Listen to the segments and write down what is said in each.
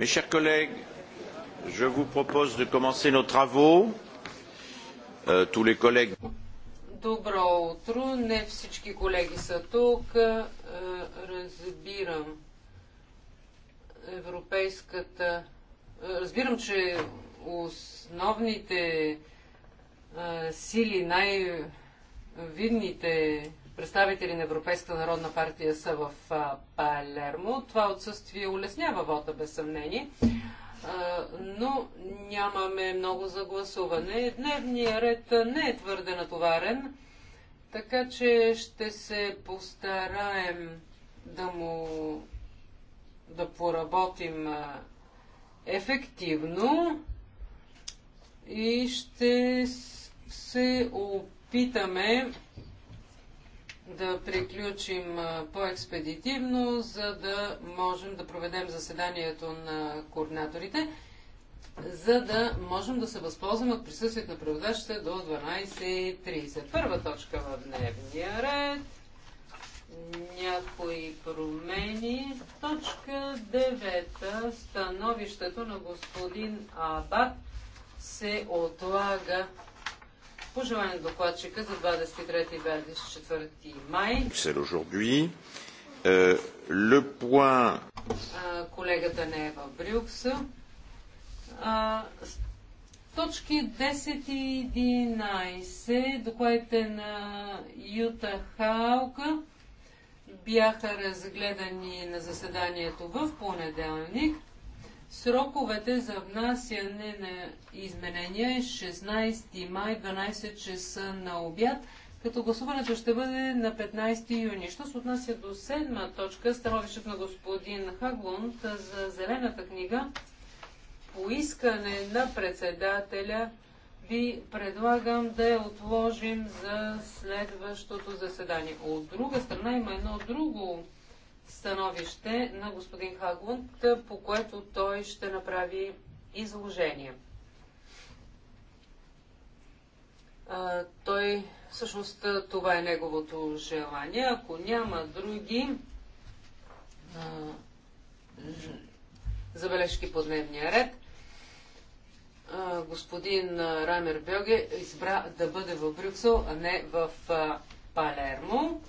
Mes chers collègues, je vous propose de commencer nos travaux. Euh, tous les collègues. Добро утро! Не всички колеги са тук. Е, разбирам европейската... Е, разбирам, че основните е, сили, най-видните представители на Европейската народна партия са в Палермо. Това отсъствие улеснява вота, без съмнение. Но нямаме много за гласуване. Дневният ред не е твърде натоварен, така че ще се постараем да му да поработим ефективно и ще се опитаме да приключим по-експедитивно, за да можем да проведем заседанието на координаторите, за да можем да се възползваме от присъствието на преводачите до 12.30. Първа точка в дневния ред. Някои промени. Точка 9. Становището на господин Абат се отлага Пожелание aujourd'hui. докладчика за 23 и 24 май. Е, point... Колегата не е Точки 10 и 11, докладите на Юта Халка бяха разгледани на заседанието в понеделник. Сроковете за внасяне на изменения е 16 май 12 часа на обяд, като гласуването ще бъде на 15 юни. Що се отнася до седма точка, становището на господин Хаглунд за зелената книга, по искане на председателя ви предлагам да я отложим за следващото заседание. От друга страна има едно друго становище на господин Хагунт, по което той ще направи изложение. той, всъщност, това е неговото желание. Ако няма други забележки по дневния ред, господин Раймер Бьоге избра да бъде в Брюксел, а не в Палермо.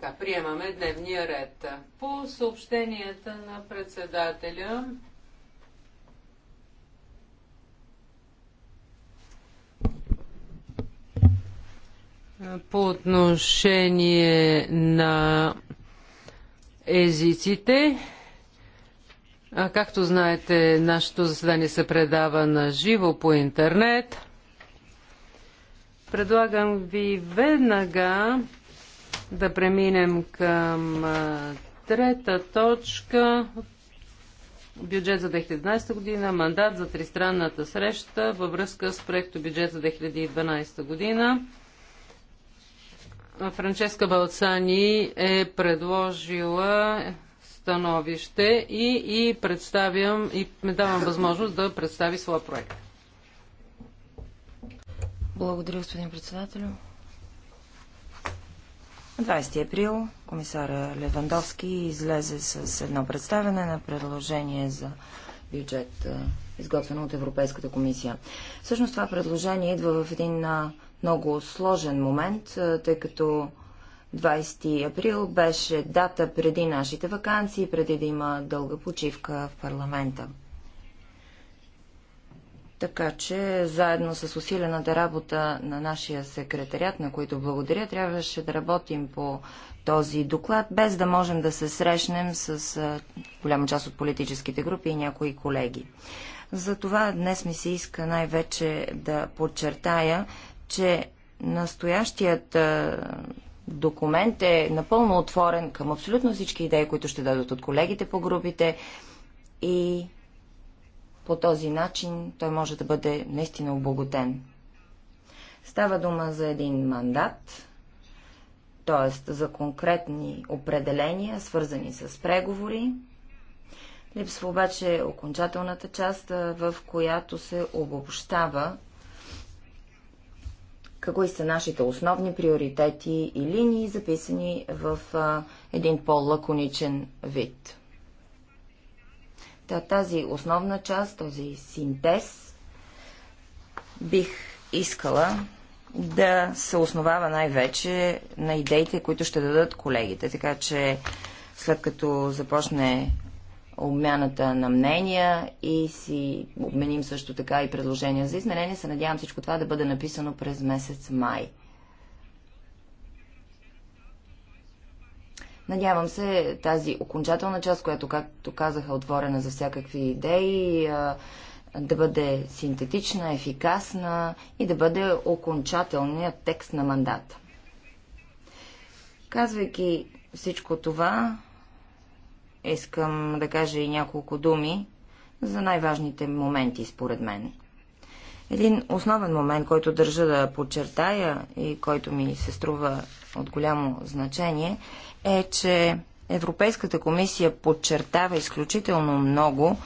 Така, приемаме дневния ред. По съобщенията на председателя. По отношение на езиците, както знаете, нашето заседание се предава на живо по интернет. Предлагам ви веднага да преминем към трета точка. Бюджет за 2012 година, мандат за тристранната среща във връзка с проекто бюджет за 2012 година. Франческа Балцани е предложила становище и, и представям и ме давам възможност да представи своя проект. Благодаря, господин председател. На 20 април комисара Левандовски излезе с едно представяне на предложение за бюджет, изготвено от Европейската комисия. Всъщност това предложение идва в един много сложен момент, тъй като 20 април беше дата преди нашите вакансии, преди да има дълга почивка в парламента. Така че, заедно с усилената работа на нашия секретарят, на които благодаря, трябваше да работим по този доклад, без да можем да се срещнем с голяма част от политическите групи и някои колеги. Затова днес ми се иска най-вече да подчертая, че настоящият документ е напълно отворен към абсолютно всички идеи, които ще дадат от колегите по групите и по този начин той може да бъде наистина обогатен. Става дума за един мандат, т.е. за конкретни определения, свързани с преговори. Липсва обаче окончателната част, в която се обобщава какви са нашите основни приоритети и линии, записани в един по-лаконичен вид. Та, тази основна част, този синтез, бих искала да се основава най-вече на идеите, които ще дадат колегите. Така че след като започне обмяната на мнения и си обменим също така и предложения за изменения, се надявам всичко това да бъде написано през месец май. Надявам се тази окончателна част, която, както казаха, е отворена за всякакви идеи, да бъде синтетична, ефикасна и да бъде окончателният текст на мандата. Казвайки всичко това, искам да кажа и няколко думи за най-важните моменти, според мен. Един основен момент, който държа да подчертая и който ми се струва от голямо значение, е, че Европейската комисия подчертава изключително много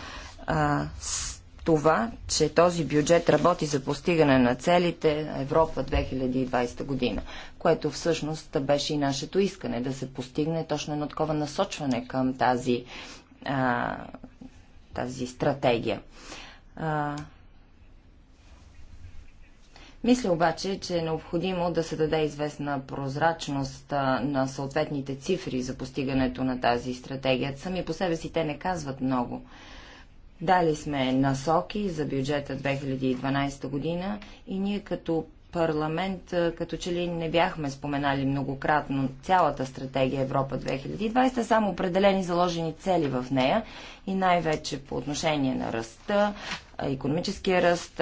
а, с това, че този бюджет работи за постигане на целите Европа 2020 година, което всъщност беше и нашето искане да се постигне точно едно такова насочване към тази, а, тази стратегия. А, мисля обаче, че е необходимо да се даде известна прозрачност на съответните цифри за постигането на тази стратегия. Сами по себе си те не казват много. Дали сме насоки за бюджета 2012 година и ние като парламент, като че ли не бяхме споменали многократно цялата стратегия Европа 2020, само определени заложени цели в нея и най-вече по отношение на ръста, економическия ръст,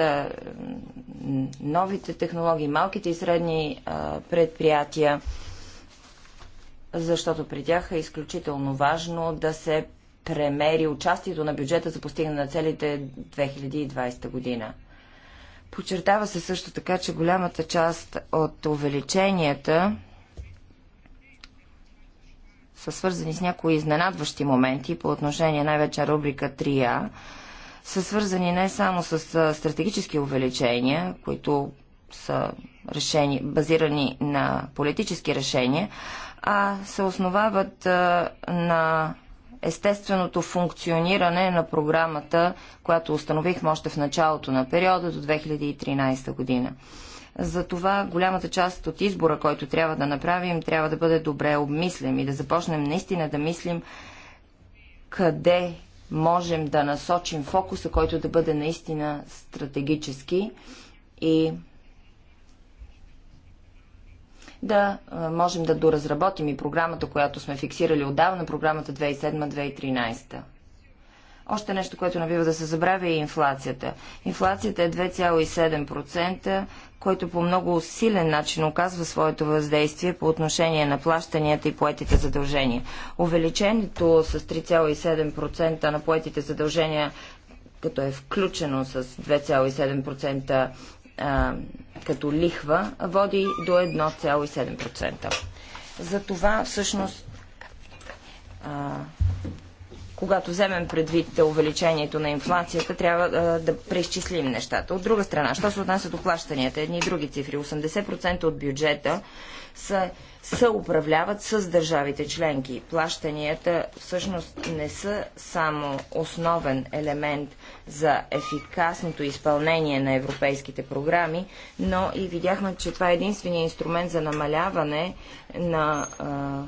новите технологии, малките и средни предприятия, защото при тях е изключително важно да се премери участието на бюджета за постигане на целите 2020 година. Подчертава се също така, че голямата част от увеличенията са свързани с някои изненадващи моменти по отношение най-вече рубрика 3А, са свързани не само с стратегически увеличения, които са решени, базирани на политически решения, а се основават на естественото функциониране на програмата, която установихме още в началото на периода до 2013 година. Затова голямата част от избора, който трябва да направим, трябва да бъде добре обмислен и да започнем наистина да мислим къде можем да насочим фокуса, който да бъде наистина стратегически и да можем да доразработим и програмата, която сме фиксирали отдавна, програмата 2007-2013. Още нещо, което не бива да се забравя е инфлацията. Инфлацията е 2,7%, който по много силен начин оказва своето въздействие по отношение на плащанията и поетите задължения. Увеличението с 3,7% на поетите задължения, като е включено с 2,7% като лихва, води до 1,7%. За това всъщност когато вземем предвид увеличението на инфлацията, трябва да, да преизчислим нещата. От друга страна, що се отнася до плащанията, едни и други цифри, 80% от бюджета са, се управляват с държавите членки. Плащанията всъщност не са само основен елемент за ефикасното изпълнение на европейските програми, но и видяхме, че това е единствения инструмент за намаляване на а,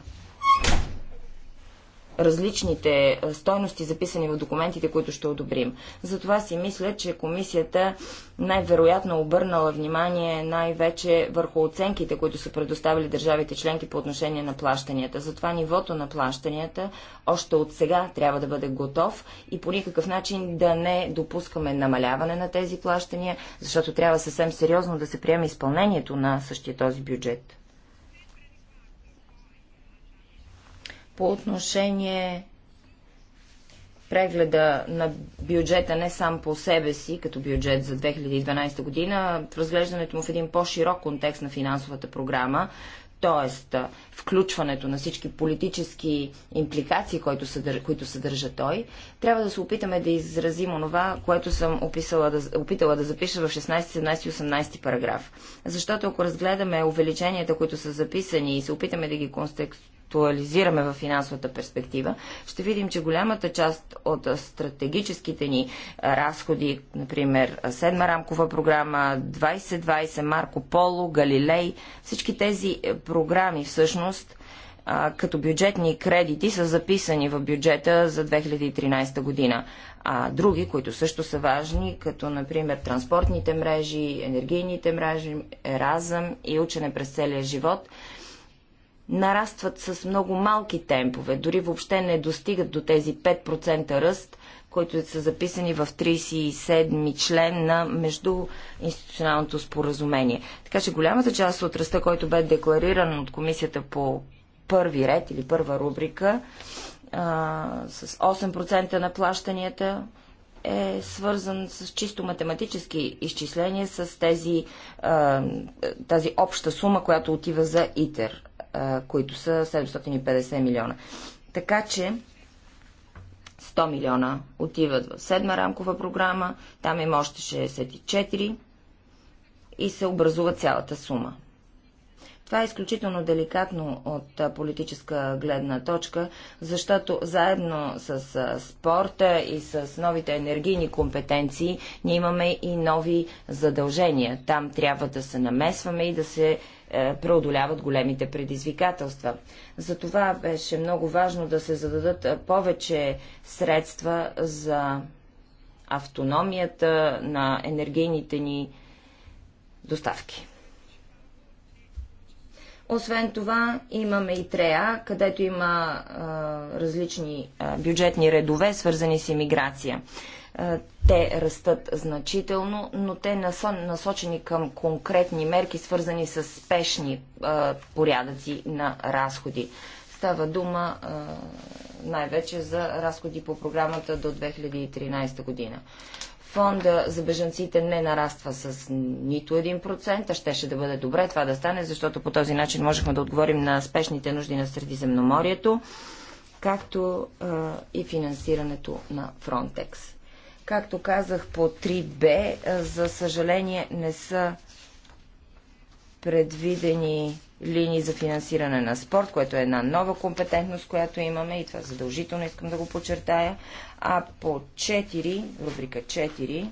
различните стойности, записани в документите, които ще одобрим. Затова си мисля, че комисията най-вероятно обърнала внимание най-вече върху оценките, които са предоставили държавите членки по отношение на плащанията. Затова нивото на плащанията още от сега трябва да бъде готов и по никакъв начин да не допускаме намаляване на тези плащания, защото трябва съвсем сериозно да се приеме изпълнението на същия този бюджет. по отношение прегледа на бюджета не сам по себе си, като бюджет за 2012 година, в разглеждането му в един по-широк контекст на финансовата програма, т.е. включването на всички политически импликации, които съдържа, които съдържа той, трябва да се опитаме да изразим онова, което съм описала да, опитала да запиша в 16, 17 и 18 параграф. Защото ако разгледаме увеличенията, които са записани и се опитаме да ги констекст, актуализираме в финансовата перспектива, ще видим, че голямата част от стратегическите ни разходи, например Седма рамкова програма, 2020, Марко Поло, Галилей, всички тези е, програми всъщност като бюджетни кредити са записани в бюджета за 2013 година. А други, които също са важни, като например транспортните мрежи, енергийните мрежи, еразъм и учене през целия живот – нарастват с много малки темпове, дори въобще не достигат до тези 5% ръст, които са записани в 37-ми член на междуинституционалното споразумение. Така че голямата част от ръста, който бе деклариран от комисията по първи ред или първа рубрика, а, с 8% на плащанията, е свързан с чисто математически изчисления с тези, а, тази обща сума, която отива за ИТЕР които са 750 милиона. Така че 100 милиона отиват в седма рамкова програма, там има още 64 и се образува цялата сума. Това е изключително деликатно от политическа гледна точка, защото заедно с спорта и с новите енергийни компетенции ние имаме и нови задължения. Там трябва да се намесваме и да се е, преодоляват големите предизвикателства. Затова беше много важно да се зададат е, повече средства за автономията на енергийните ни доставки. Освен това, имаме и ТРЕА, където има а, е, различни а, бюджетни редове, свързани с иммиграция. Е, те растат значително, но те насочени към конкретни мерки, свързани с спешни е, порядъци на разходи. Става дума е, най-вече за разходи по програмата до 2013 година. Фонда за бежанците не нараства с нито 1%, а щеше да бъде добре това да стане, защото по този начин можехме да отговорим на спешните нужди на Средиземноморието, както а, и финансирането на Фронтекс. Както казах по 3Б, за съжаление не са предвидени линии за финансиране на спорт, което е една нова компетентност, която имаме и това задължително искам да го подчертая. А по 4, рубрика 4,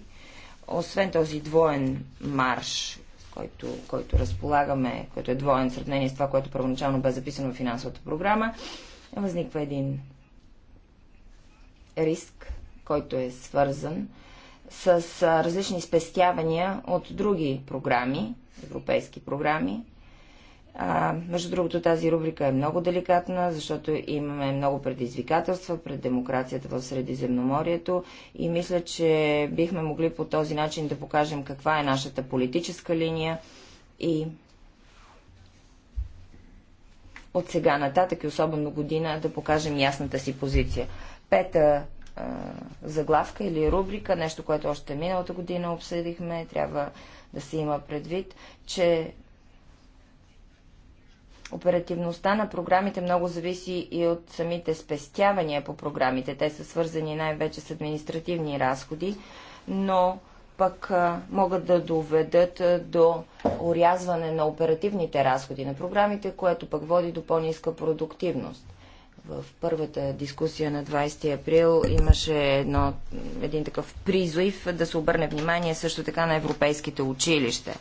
освен този двоен марш, който, който разполагаме, който е двоен в сравнение с това, което първоначално бе записано в финансовата програма, възниква един риск който е свързан с различни спестявания от други програми, европейски програми. А, между другото, тази рубрика е много деликатна, защото имаме много предизвикателства пред демокрацията в Средиземноморието и мисля, че бихме могли по този начин да покажем каква е нашата политическа линия и от сега нататък и особено година да покажем ясната си позиция. Пета заглавка или рубрика, нещо, което още миналата година обсъдихме, трябва да се има предвид, че Оперативността на програмите много зависи и от самите спестявания по програмите. Те са свързани най-вече с административни разходи, но пък а, могат да доведат а, до урязване на оперативните разходи на програмите, което пък води до по-ниска продуктивност в първата дискусия на 20 април имаше едно, един такъв призив да се обърне внимание също така на европейските училища.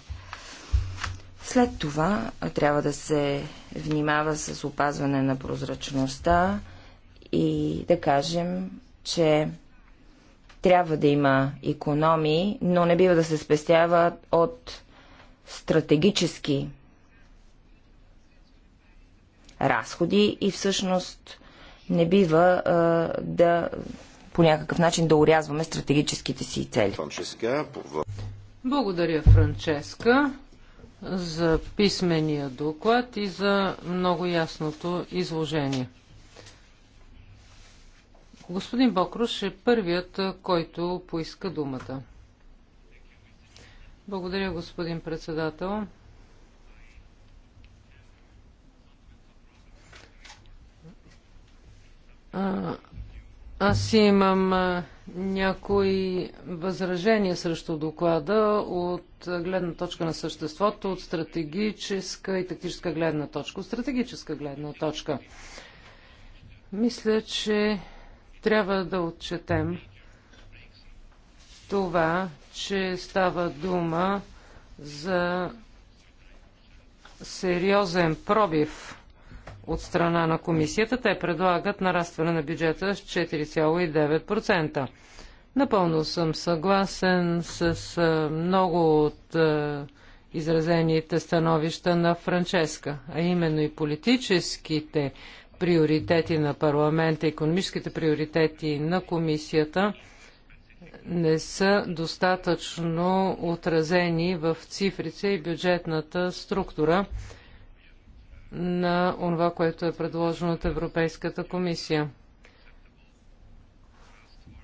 След това трябва да се внимава с опазване на прозрачността и да кажем, че трябва да има економии, но не бива да се спестява от стратегически разходи и всъщност не бива да по някакъв начин да урязваме стратегическите си цели. Благодаря, Франческа, за писмения доклад и за много ясното изложение. Господин Бокруш е първият, който поиска думата. Благодаря, господин председател. аз имам някои възражения срещу доклада от гледна точка на съществото, от стратегическа и тактическа гледна точка. От стратегическа гледна точка. Мисля, че трябва да отчетем това, че става дума за сериозен пробив от страна на комисията. Те предлагат нарастване на бюджета с 4,9%. Напълно съм съгласен с много от изразените становища на Франческа, а именно и политическите приоритети на парламента, економическите приоритети на комисията не са достатъчно отразени в цифрите и бюджетната структура на това, което е предложено от Европейската комисия.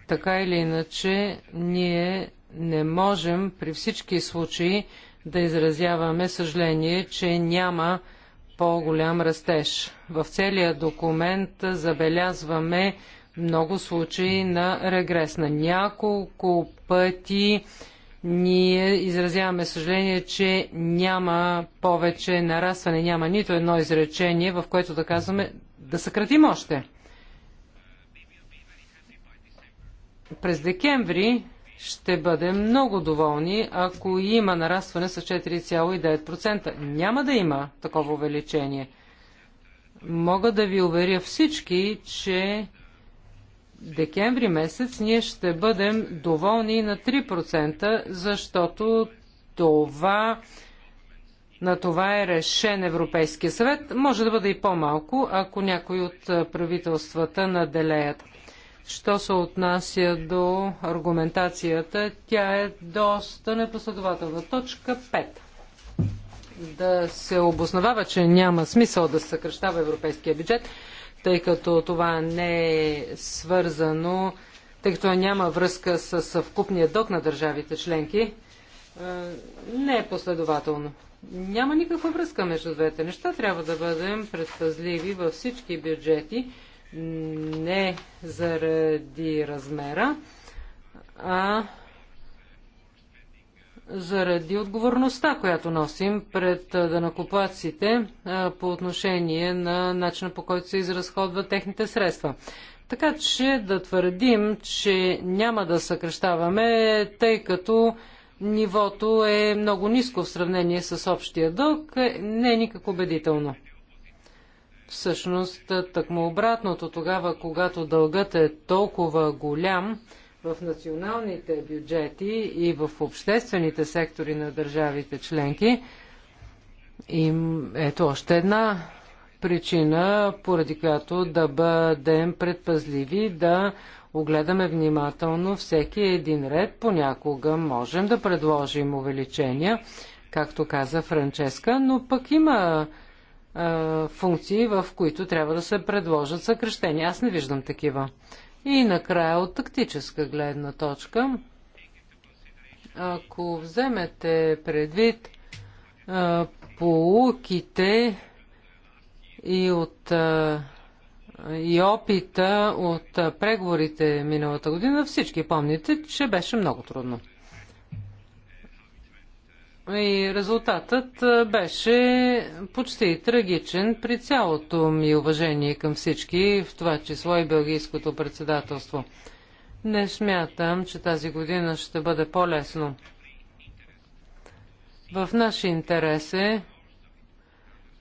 Така или иначе, ние не можем при всички случаи да изразяваме съжаление, че няма по-голям растеж. В целия документ забелязваме много случаи на регрес. На няколко пъти ние изразяваме съжаление, че няма повече нарастване, няма нито едно изречение, в което да казваме да съкратим още. През декември ще бъдем много доволни, ако има нарастване с 4,9%. Няма да има такова увеличение. Мога да ви уверя всички, че декември месец ние ще бъдем доволни на 3%, защото това на това е решен Европейския съвет. Може да бъде и по-малко, ако някои от правителствата наделеят. Що се отнася до аргументацията, тя е доста непоследователна. Точка 5. Да се обосновава, че няма смисъл да се съкръщава европейския бюджет, тъй като това не е свързано, тъй като няма връзка с съвкупния дълг на държавите членки, е, не е последователно. Няма никаква връзка между двете неща. Трябва да бъдем предпазливи във всички бюджети, не заради размера, а заради отговорността, която носим пред данакоплаците по отношение на начина по който се изразходват техните средства. Така че да твърдим, че няма да съкрещаваме, тъй като нивото е много ниско в сравнение с общия дълг, не е никак убедително. Всъщност, тъкмо обратното, тогава, когато дългът е толкова голям, в националните бюджети и в обществените сектори на държавите членки. И ето още една причина, поради която да бъдем предпазливи, да огледаме внимателно всеки един ред. Понякога можем да предложим увеличения, както каза Франческа, но пък има е, функции, в които трябва да се предложат съкрещения. Аз не виждам такива. И накрая от тактическа гледна точка, ако вземете предвид а, полуките и от а, и опита от преговорите миналата година, всички помните, че беше много трудно. И резултатът беше почти трагичен при цялото ми уважение към всички, в това число и Белгийското председателство. Не смятам, че тази година ще бъде по-лесно. В наш интерес е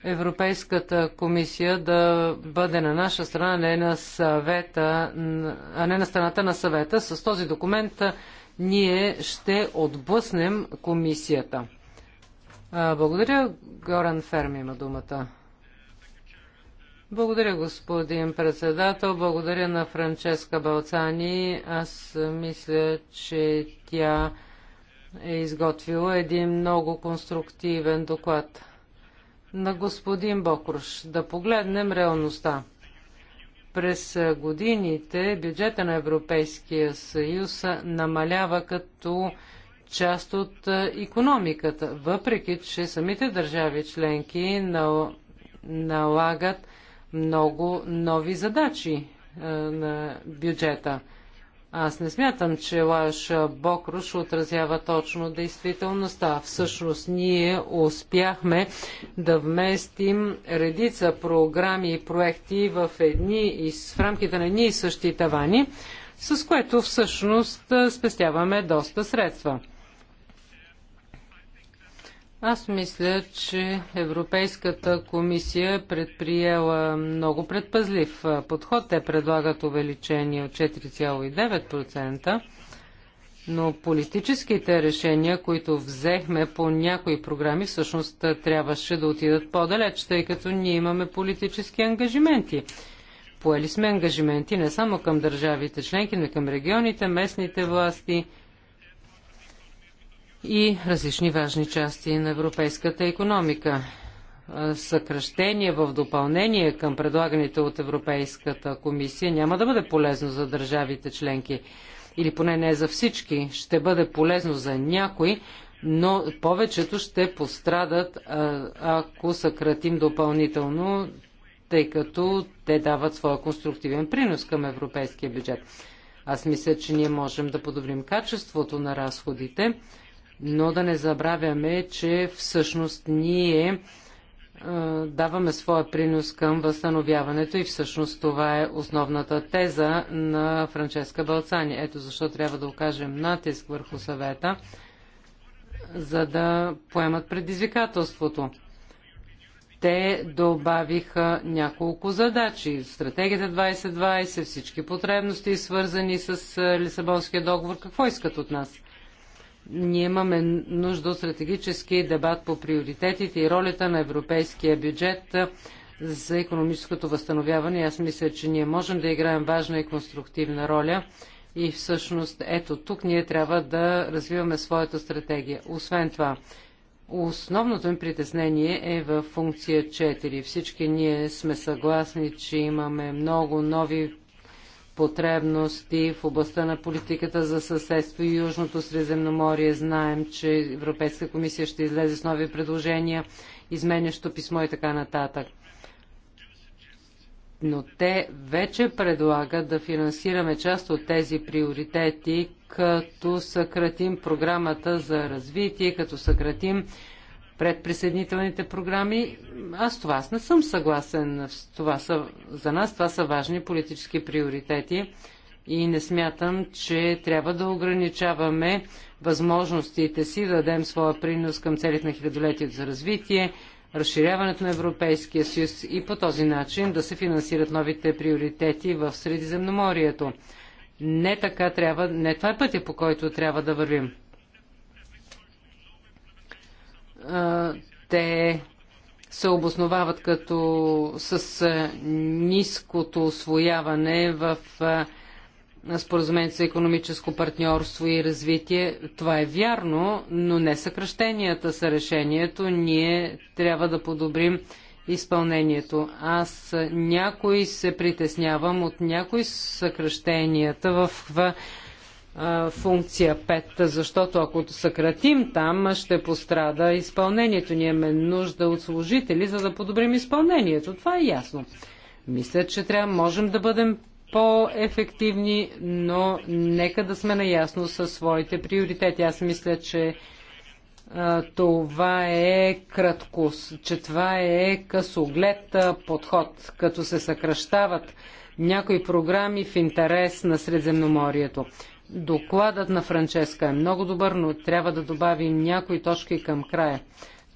Европейската комисия да бъде на наша страна, не на съвета, а не на страната на съвета. С този документ ние ще отблъснем комисията. Благодаря. Горан Ферми, има думата. Благодаря, господин председател. Благодаря на Франческа Балцани. Аз мисля, че тя е изготвила един много конструктивен доклад. На господин Бокруш да погледнем реалността. През годините бюджета на Европейския съюз намалява като част от економиката, въпреки че самите държави членки налагат много нови задачи на бюджета – аз не смятам, че Лаш Бокруш отразява точно действителността. Всъщност ние успяхме да вместим редица програми и проекти в, едни, в рамките на едни и същи тавани, с което всъщност спестяваме доста средства. Аз мисля, че Европейската комисия е предприела много предпазлив подход. Те предлагат увеличение от 4,9%, но политическите решения, които взехме по някои програми, всъщност трябваше да отидат по-далеч, тъй като ние имаме политически ангажименти. Поели сме ангажименти не само към държавите членки, но и към регионите, местните власти – и различни важни части на европейската економика. Съкръщение в допълнение към предлаганите от Европейската комисия няма да бъде полезно за държавите членки или поне не за всички, ще бъде полезно за някои, но повечето ще пострадат, ако съкратим допълнително, тъй като те дават своя конструктивен принос към европейския бюджет. Аз мисля, че ние можем да подобрим качеството на разходите но да не забравяме, че всъщност ние даваме своя принос към възстановяването и всъщност това е основната теза на Франческа Балцани. Ето защо трябва да окажем натиск върху съвета, за да поемат предизвикателството. Те добавиха няколко задачи. Стратегията 2020, всички потребности, свързани с Лисабонския договор. Какво искат от нас? Ние имаме нужда от стратегически дебат по приоритетите и ролята на европейския бюджет за економическото възстановяване. Аз мисля, че ние можем да играем важна и конструктивна роля. И всъщност ето тук ние трябва да развиваме своята стратегия. Освен това, основното им притеснение е в функция 4. Всички ние сме съгласни, че имаме много нови потребности в областта на политиката за съседство и Южното Средземноморие. Знаем, че Европейска комисия ще излезе с нови предложения, изменящо писмо и така нататък. Но те вече предлагат да финансираме част от тези приоритети, като съкратим програмата за развитие, като съкратим присъединителните програми. Аз това аз не съм съгласен. Това са, за нас това са важни политически приоритети и не смятам, че трябва да ограничаваме възможностите си да дадем своя принос към целите на хилядолетието за развитие, разширяването на Европейския съюз и по този начин да се финансират новите приоритети в Средиземноморието. Не така трябва, не това е пътя по който трябва да вървим те се обосновават като с ниското освояване в споразумението за економическо партньорство и развитие. Това е вярно, но не съкръщенията са решението. Ние трябва да подобрим изпълнението. Аз някой се притеснявам от някои съкръщенията в функция 5, защото ако съкратим там, ще пострада изпълнението. Ние имаме нужда от служители, за да подобрим изпълнението. Това е ясно. Мисля, че трябва, можем да бъдем по-ефективни, но нека да сме наясно със своите приоритети. Аз мисля, че а, това е кратко, че това е късоглед подход, като се съкръщават някои програми в интерес на Средземноморието. Докладът на Франческа е много добър, но трябва да добавим някои точки към края.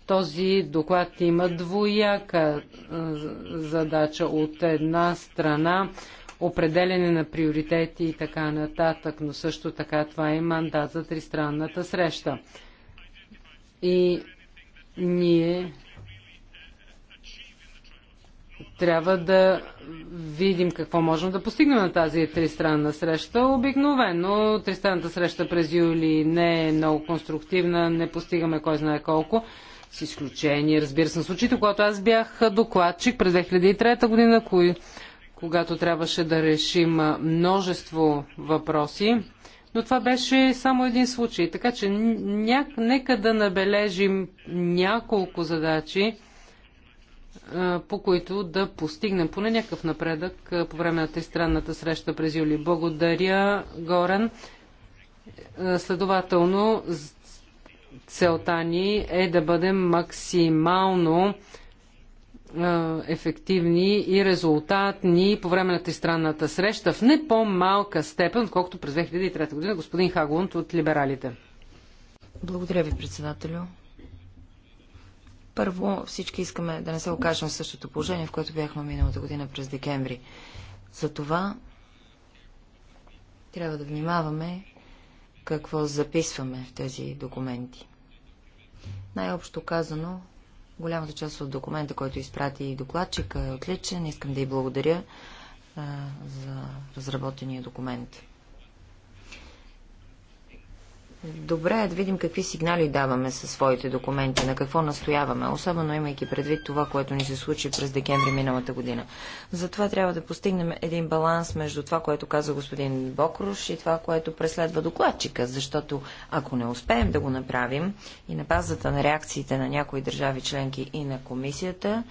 Този доклад има двояка задача. От една страна определене на приоритети и така нататък, но също така това е мандат за тристранната среща. И ние трябва да видим какво можем да постигнем на тази тристранна среща. Обикновено тристранната среща през юли не е много конструктивна, не постигаме кой знае колко. С изключение, разбира се, на случаите, когато аз бях докладчик през 2003 година, кой, когато трябваше да решим множество въпроси. Но това беше само един случай. Така че ня... нека да набележим няколко задачи, по които да постигнем поне някакъв напредък по време на тристранната среща през юли. Благодаря, Горен. Следователно, целта ни е да бъдем максимално ефективни и резултатни по време на тристранната среща в не по-малка степен, отколкото през 2003 година господин Хагунт от либералите. Благодаря ви, председателю. Първо, всички искаме да не се окажем в същото положение, в което бяхме миналата година през декември. Затова трябва да внимаваме какво записваме в тези документи. Най-общо казано, голямата част от документа, който изпрати докладчика е отличен. Искам да й благодаря а, за разработения документ. Добре е да видим какви сигнали даваме със своите документи, на какво настояваме, особено имайки предвид това, което ни се случи през декември миналата година. Затова трябва да постигнем един баланс между това, което каза господин Бокруш и това, което преследва докладчика, защото ако не успеем да го направим и на базата на реакциите на някои държави членки и на комисията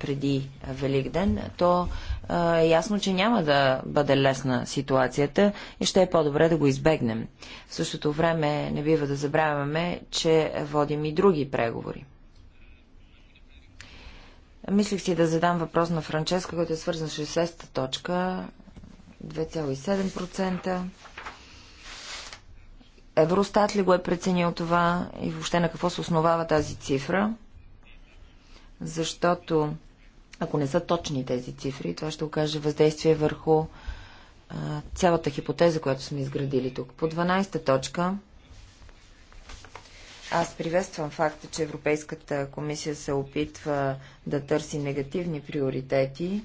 преди Великден, то е ясно, че няма да бъде лесна ситуацията и ще е по-добре да го избегнем. В същото време не бива да забравяме, че водим и други преговори. Мислих си да задам въпрос на Франческа, който е свързан с 60-та точка. 2,7%. Евростат ли го е преценил това и въобще на какво се основава тази цифра? Защото ако не са точни тези цифри, това ще окаже въздействие върху а, цялата хипотеза, която сме изградили тук. По 12-та точка аз приветствам факта, че Европейската комисия се опитва да търси негативни приоритети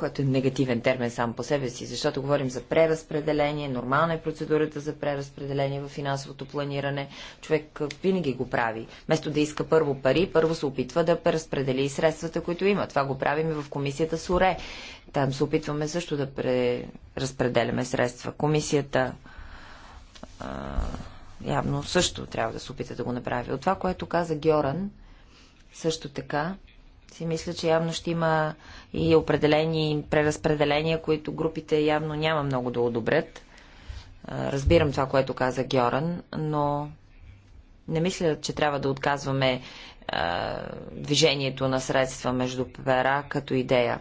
което е негативен термин сам по себе си, защото говорим за преразпределение, нормална е процедурата за преразпределение в финансовото планиране. Човек винаги го прави. Вместо да иска първо пари, първо се опитва да преразпредели средствата, които има. Това го правим и в комисията СОРЕ, Там се опитваме също да преразпределяме средства. Комисията а, явно също трябва да се опита да го направи. От това, което каза Гьоран, също така, си мисля, че явно ще има и определени преразпределения, които групите явно няма много да одобрят. Разбирам това, което каза Гьоран, но не мисля, че трябва да отказваме движението на средства между пера като идея.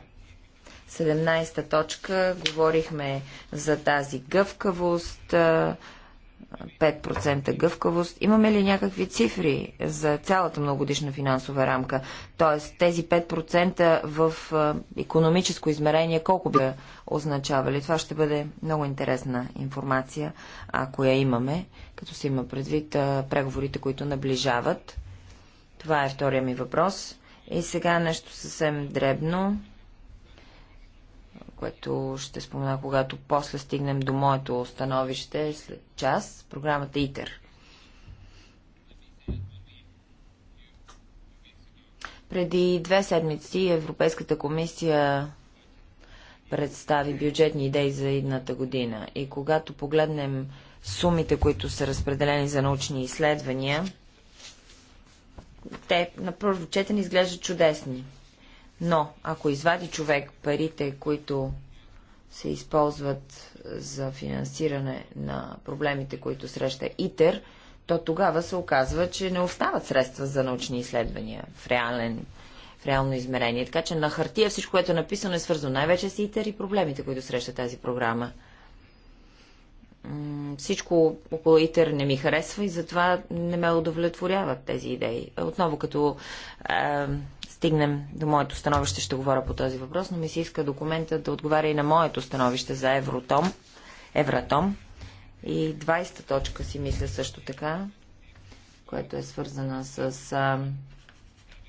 17 точка говорихме за тази гъвкавост, 5% гъвкавост. Имаме ли някакви цифри за цялата многогодишна финансова рамка? Тоест тези 5% в економическо измерение колко би означавали? Това ще бъде много интересна информация, ако я имаме, като се има предвид преговорите, които наближават. Това е втория ми въпрос. И сега нещо съвсем дребно което ще спомена, когато после стигнем до моето становище след час, програмата ИТЕР. Преди две седмици Европейската комисия представи бюджетни идеи за едната година. И когато погледнем сумите, които са разпределени за научни изследвания, те на първо четене изглеждат чудесни. Но ако извади човек парите, които се използват за финансиране на проблемите, които среща ИТЕР, то тогава се оказва, че не остават средства за научни изследвания в, реален, в реално измерение. Така че на хартия всичко, което е написано, е свързано най-вече с ИТЕР и проблемите, които среща тази програма. Всичко около ИТЕР не ми харесва и затова не ме удовлетворяват тези идеи. Отново като е, стигнем до моето становище, ще говоря по този въпрос, но ми се иска документа да отговаря и на моето становище за Евротом, Евратом. И 20-та точка си мисля също така, която е свързана с а,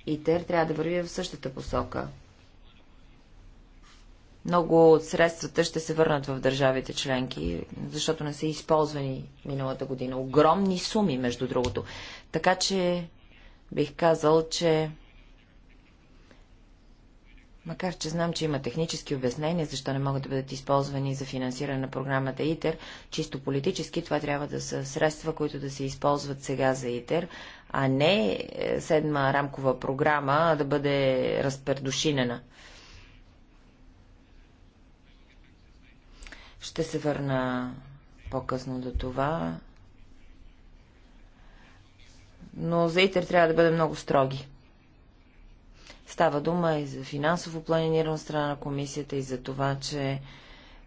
ИТЕР, трябва да върви в същата посока. Много от средствата ще се върнат в държавите членки, защото не са използвани миналата година. Огромни суми, между другото. Така че бих казал, че Макар, че знам, че има технически обяснения, защо не могат да бъдат използвани за финансиране на програмата ИТЕР, чисто политически това трябва да са средства, които да се използват сега за ИТЕР, а не е, седма рамкова програма да бъде разпердушинена. Ще се върна по-късно до това. Но за ИТЕР трябва да бъдем много строги. Става дума и за финансово планиране от страна на комисията и за това, че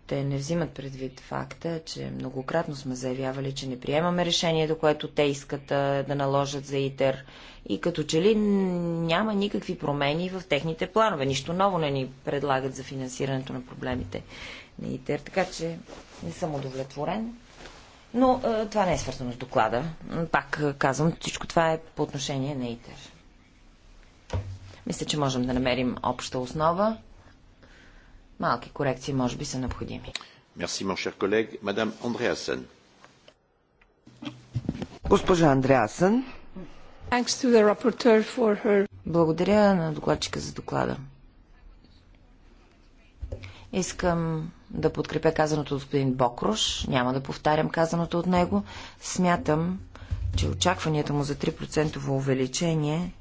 те не взимат предвид факта, че многократно сме заявявали, че не приемаме решението, което те искат да наложат за ИТЕР и като че ли няма никакви промени в техните планове. Нищо ново не ни предлагат за финансирането на проблемите на ИТЕР, така че не съм удовлетворен. Но това не е свързано с доклада. Пак казвам, всичко това е по отношение на ИТЕР. Мисля, че можем да намерим обща основа. Малки корекции може би са необходими. Мерси, mon шер колег. Мадам Андреасен. Госпожа Андреасън. Благодаря на докладчика за доклада. Искам да подкрепя казаното от господин Бокрош. Няма да повтарям казаното от него. Смятам, че очакванията му за 3% увеличение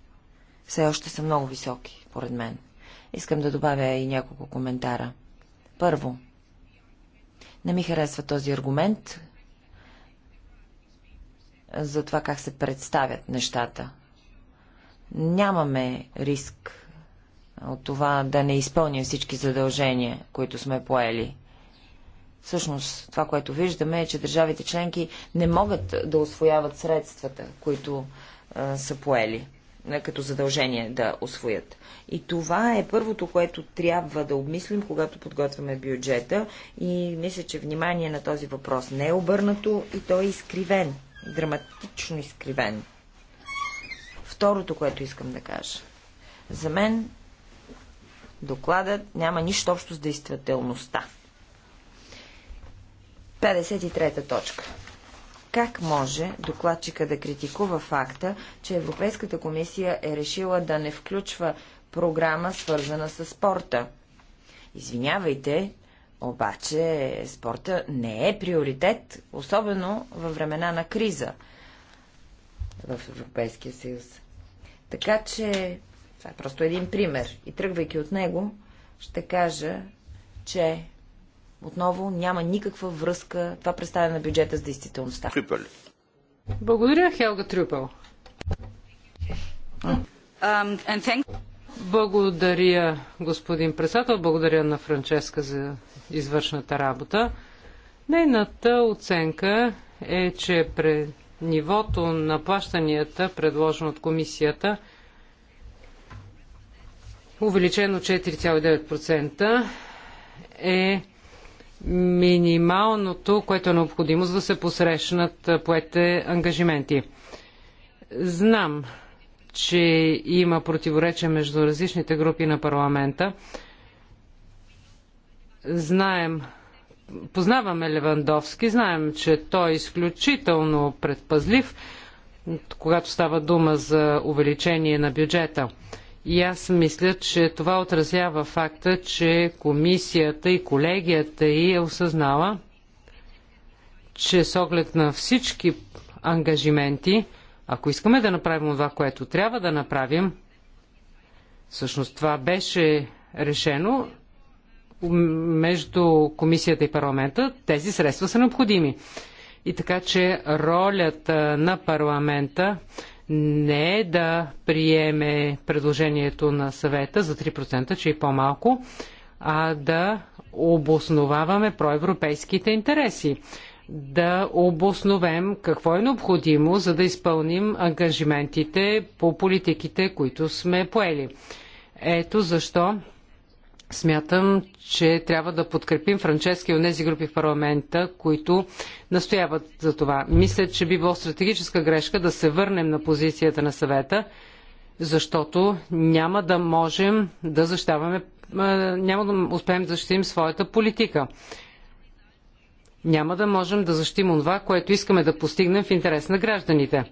все още са много високи, поред мен. Искам да добавя и няколко коментара. Първо, не ми харесва този аргумент за това как се представят нещата. Нямаме риск от това да не изпълним всички задължения, които сме поели. Всъщност, това, което виждаме е, че държавите членки не могат да освояват средствата, които а, са поели. Е, като задължение да освоят. И това е първото, което трябва да обмислим, когато подготвяме бюджета и мисля, че внимание на този въпрос не е обърнато и той е изкривен, драматично изкривен. Второто, което искам да кажа. За мен докладът няма нищо общо с действителността. 53-та точка. Как може докладчика да критикува факта, че Европейската комисия е решила да не включва програма, свързана с спорта? Извинявайте, обаче спорта не е приоритет, особено във времена на криза в Европейския съюз. Така че това е просто един пример. И тръгвайки от него, ще кажа, че отново няма никаква връзка това представяне на бюджета с действителността. Трюпел. Благодаря, Хелга Трюпел. Um, Благодаря, господин председател. Благодаря на Франческа за извършната работа. Нейната оценка е, че при нивото на плащанията, предложено от комисията, увеличено 4,9%, е минималното, което е необходимо, за да се посрещнат поете ангажименти. Знам, че има противоречия между различните групи на парламента. Знаем, познаваме Левандовски, знаем, че той е изключително предпазлив, когато става дума за увеличение на бюджета. И аз мисля, че това отразява факта, че комисията и колегията й е осъзнала, че с оглед на всички ангажименти, ако искаме да направим това, което трябва да направим, всъщност това беше решено между комисията и парламента, тези средства са необходими. И така, че ролята на парламента не е да приеме предложението на съвета за 3%, че и е по-малко, а да обосноваваме проевропейските интереси. Да обосновем какво е необходимо, за да изпълним ангажиментите по политиките, които сме поели. Ето защо Смятам, че трябва да подкрепим Франчески и онези групи в парламента, които настояват за това. Мисля, че би било стратегическа грешка да се върнем на позицията на съвета, защото няма да можем да защитаваме, няма да успеем да защитим своята политика. Няма да можем да защитим това, което искаме да постигнем в интерес на гражданите.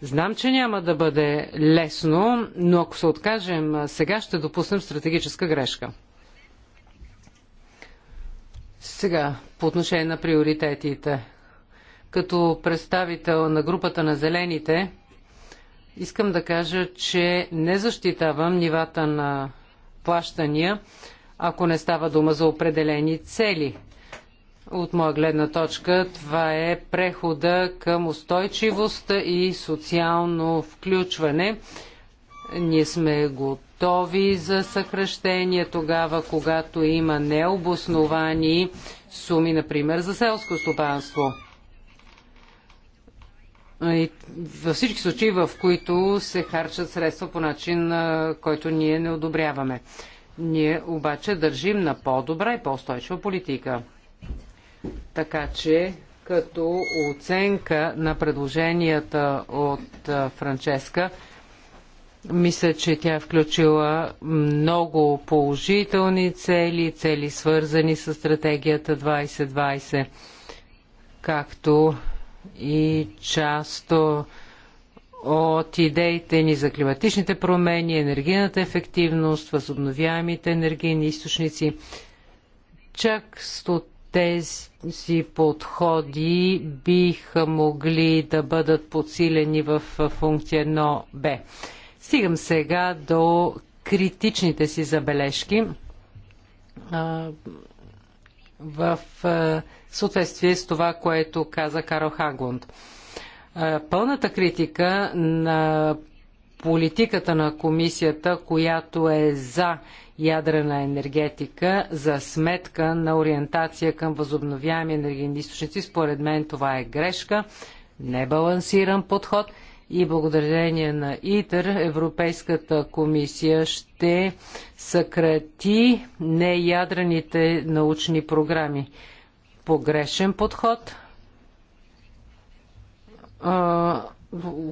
Знам, че няма да бъде лесно, но ако се откажем сега, ще допуснем стратегическа грешка. Сега, по отношение на приоритетите. Като представител на групата на зелените, искам да кажа, че не защитавам нивата на плащания, ако не става дума за определени цели. От моя гледна точка това е прехода към устойчивост и социално включване ние сме готови за съкръщение тогава, когато има необосновани суми, например, за селско стопанство. И във всички случаи, в които се харчат средства по начин, който ние не одобряваме. Ние обаче държим на по-добра и по-устойчива политика. Така че, като оценка на предложенията от Франческа, мисля, че тя е включила много положителни цели, цели свързани с стратегията 2020, както и част от идеите ни за климатичните промени, енергийната ефективност, възобновяемите енергийни източници. Чак тези подходи биха могли да бъдат подсилени в функция 1Б. Стигам сега до критичните си забележки в съответствие с това, което каза Карл Хагунд. Пълната критика на политиката на комисията, която е за ядрена енергетика за сметка на ориентация към възобновяеми енергийни източници. Според мен това е грешка, небалансиран подход – и благодарение на ИТЕР Европейската комисия ще съкрати неядрените научни програми. Погрешен подход.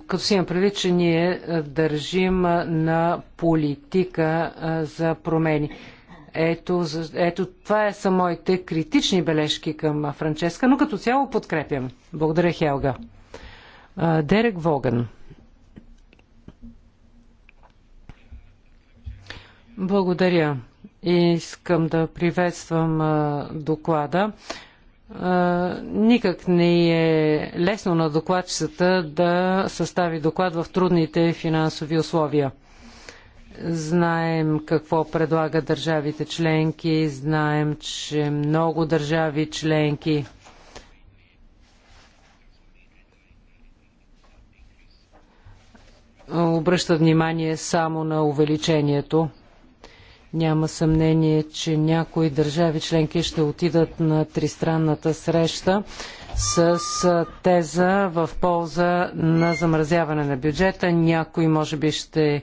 Като си имам предвид, че ние държим на политика за промени. Ето, ето това е са моите критични бележки към Франческа, но като цяло подкрепям. Благодаря, Хелга. Дерек Воган. Благодаря. Искам да приветствам доклада. Никак не е лесно на докладчицата да състави доклад в трудните финансови условия. Знаем какво предлагат държавите членки, знаем, че много държави членки обръща внимание само на увеличението. Няма съмнение, че някои държави членки ще отидат на тристранната среща с теза в полза на замразяване на бюджета. Някои може би ще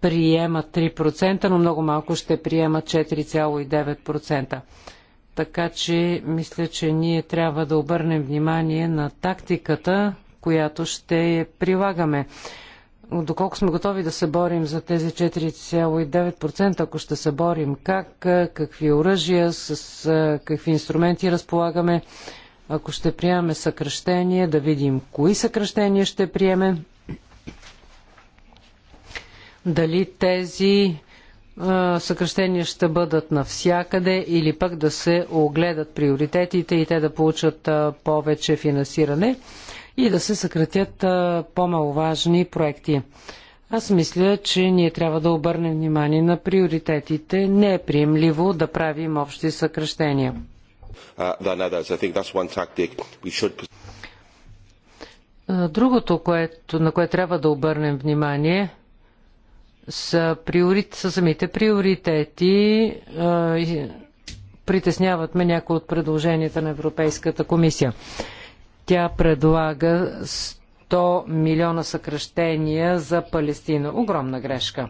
приемат 3%, но много малко ще приемат 4,9%. Така че мисля, че ние трябва да обърнем внимание на тактиката, която ще прилагаме доколко сме готови да се борим за тези 4,9%, ако ще се борим как, какви оръжия, с какви инструменти разполагаме, ако ще приемаме съкръщение, да видим кои съкръщения ще приеме, дали тези съкръщения ще бъдат навсякъде или пък да се огледат приоритетите и те да получат повече финансиране и да се съкратят по-маловажни проекти. Аз мисля, че ние трябва да обърнем внимание на приоритетите. Не е приемливо да правим общи съкръщения. Uh, другото, което, на което трябва да обърнем внимание, са, приорит, са самите приоритети. Притесняват ме някои от предложенията на Европейската комисия. Тя предлага 100 милиона съкръщения за Палестина. Огромна грешка.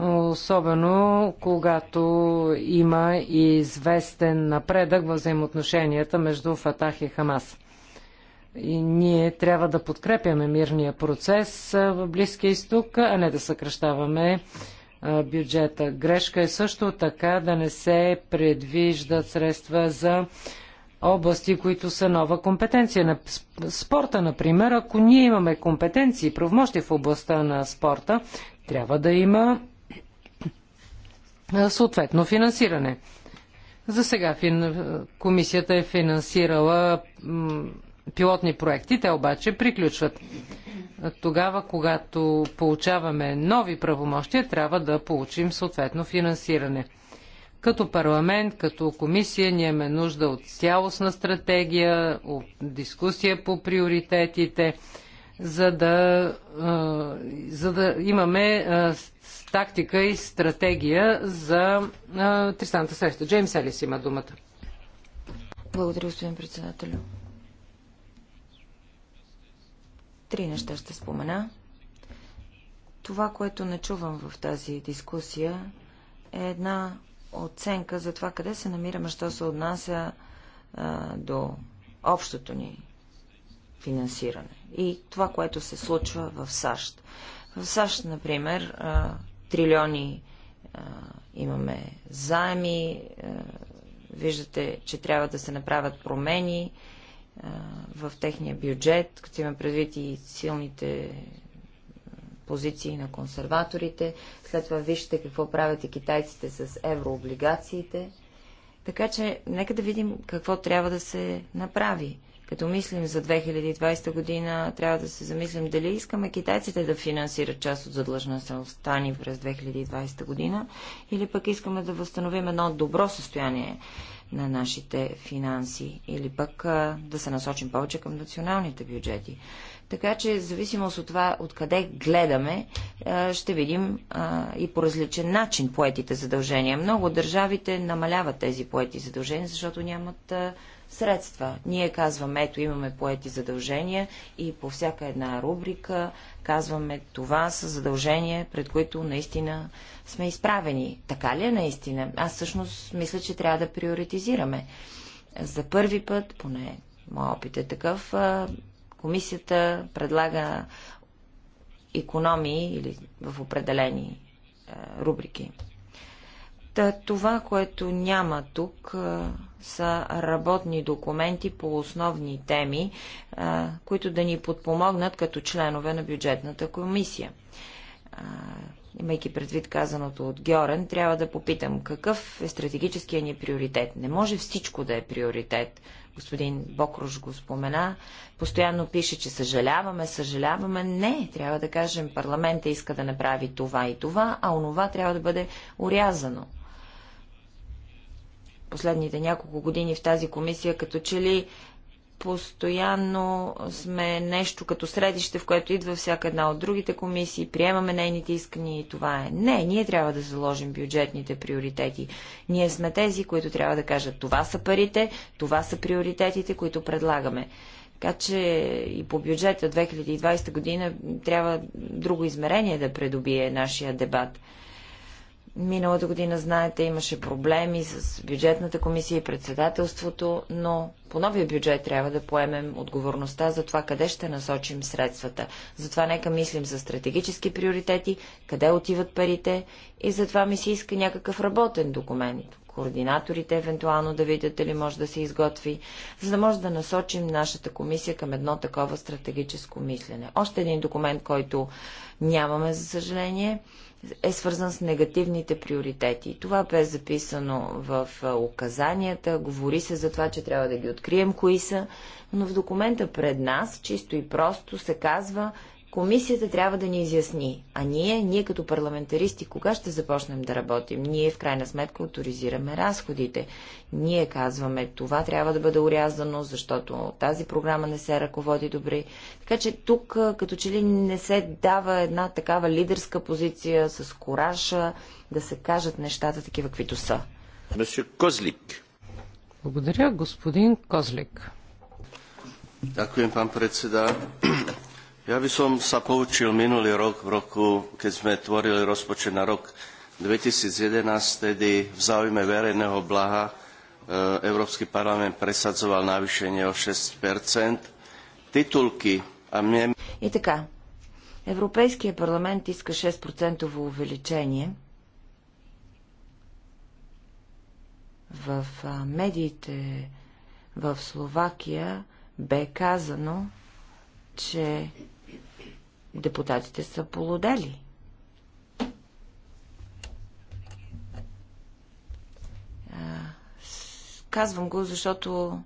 Особено когато има известен напредък в взаимоотношенията между Фатах и Хамас. И ние трябва да подкрепяме мирния процес в Близкия изток, а не да съкръщаваме бюджета. Грешка е също така да не се предвиждат средства за области, които са нова компетенция. На спорта, например, ако ние имаме компетенции и правомощи в областта на спорта, трябва да има съответно финансиране. За сега фин... комисията е финансирала пилотни проекти, те обаче приключват. Тогава, когато получаваме нови правомощия, трябва да получим съответно финансиране. Като парламент, като комисия, ние имаме нужда от цялостна стратегия, от дискусия по приоритетите, за да, за да имаме тактика и стратегия за тристаната среща. Джеймс Елис има думата. Благодаря, господин председателю. Три неща ще спомена. Това, което не чувам в тази дискусия, е една оценка за това къде се намираме, що се отнася а, до общото ни финансиране и това, което се случва в САЩ. В САЩ, например, а, трилиони а, имаме заеми, а, виждате, че трябва да се направят промени а, в техния бюджет, като има предвид и силните позиции на консерваторите. След това вижте какво правят и китайците с еврооблигациите. Така че, нека да видим какво трябва да се направи. Като мислим за 2020 година, трябва да се замислим дали искаме китайците да финансират част от задлъжността ни през 2020 година или пък искаме да възстановим едно добро състояние на нашите финанси или пък а, да се насочим повече към националните бюджети. Така че, в зависимост от това, откъде гледаме, ще видим а, и по различен начин поетите задължения. Много държавите намаляват тези поети задължения, защото нямат а, средства. Ние казваме, ето имаме поети задължения и по всяка една рубрика казваме това са задължения, пред които наистина сме изправени. Така ли е наистина? Аз всъщност мисля, че трябва да приоритизираме. За първи път, поне моят опит е такъв, комисията предлага економии или в определени рубрики. Та, това, което няма тук, са работни документи по основни теми, които да ни подпомогнат като членове на бюджетната комисия. Имайки предвид казаното от Гьорен, трябва да попитам какъв е стратегическия ни приоритет. Не може всичко да е приоритет. Господин Бокруш го спомена. Постоянно пише, че съжаляваме, съжаляваме. Не, трябва да кажем, парламента иска да направи това и това, а онова трябва да бъде урязано последните няколко години в тази комисия, като че ли постоянно сме нещо като средище, в което идва всяка една от другите комисии, приемаме нейните искания и това е. Не, ние трябва да заложим бюджетните приоритети. Ние сме тези, които трябва да кажат това са парите, това са приоритетите, които предлагаме. Така че и по бюджета 2020 година трябва друго измерение да предобие нашия дебат. Миналата година, знаете, имаше проблеми с бюджетната комисия и председателството, но по новия бюджет трябва да поемем отговорността за това къде ще насочим средствата. Затова нека мислим за стратегически приоритети, къде отиват парите и затова ми се иска някакъв работен документ. Координаторите евентуално да видят дали може да се изготви, за да може да насочим нашата комисия към едно такова стратегическо мислене. Още един документ, който нямаме, за съжаление, е свързан с негативните приоритети. Това бе записано в указанията, говори се за това, че трябва да ги открием кои са, но в документа пред нас чисто и просто се казва Комисията трябва да ни изясни, а ние, ние като парламентаристи, кога ще започнем да работим? Ние в крайна сметка авторизираме разходите. Ние казваме, това трябва да бъде урязано, защото тази програма не се ръководи добре. Така че тук като че ли не се дава една такава лидерска позиция с кораша да се кажат нещата такива, каквито са. Козлик. Благодаря, господин Козлик. Дякуем, пан председател. Ja by som sa poučil minulý rok, v roku, keď sme tvorili rozpočet na rok 2011, tedy v záujme verejného blaha Európsky parlament presadzoval navýšenie o 6 Titulky a mne... И така, Európsky parlament iska 6% v увеличение – v медиите в Словакия бе казано, че депутатите са полудели. Казвам го, защото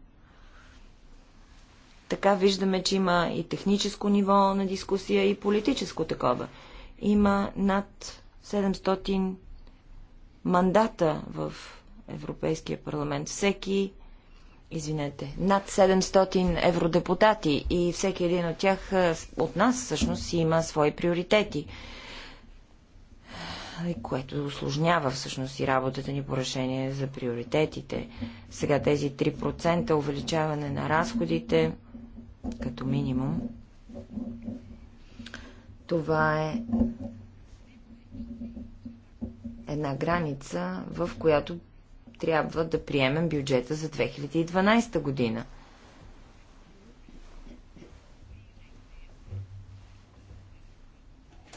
така виждаме, че има и техническо ниво на дискусия, и политическо такова. Има над 700 мандата в Европейския парламент. Всеки извинете, над 700 евродепутати и всеки един от тях е, от нас всъщност има свои приоритети, което осложнява всъщност и работата ни по решение за приоритетите. Сега тези 3% увеличаване на разходите като минимум. Това е една граница, в която трябва да приемем бюджета за 2012 година.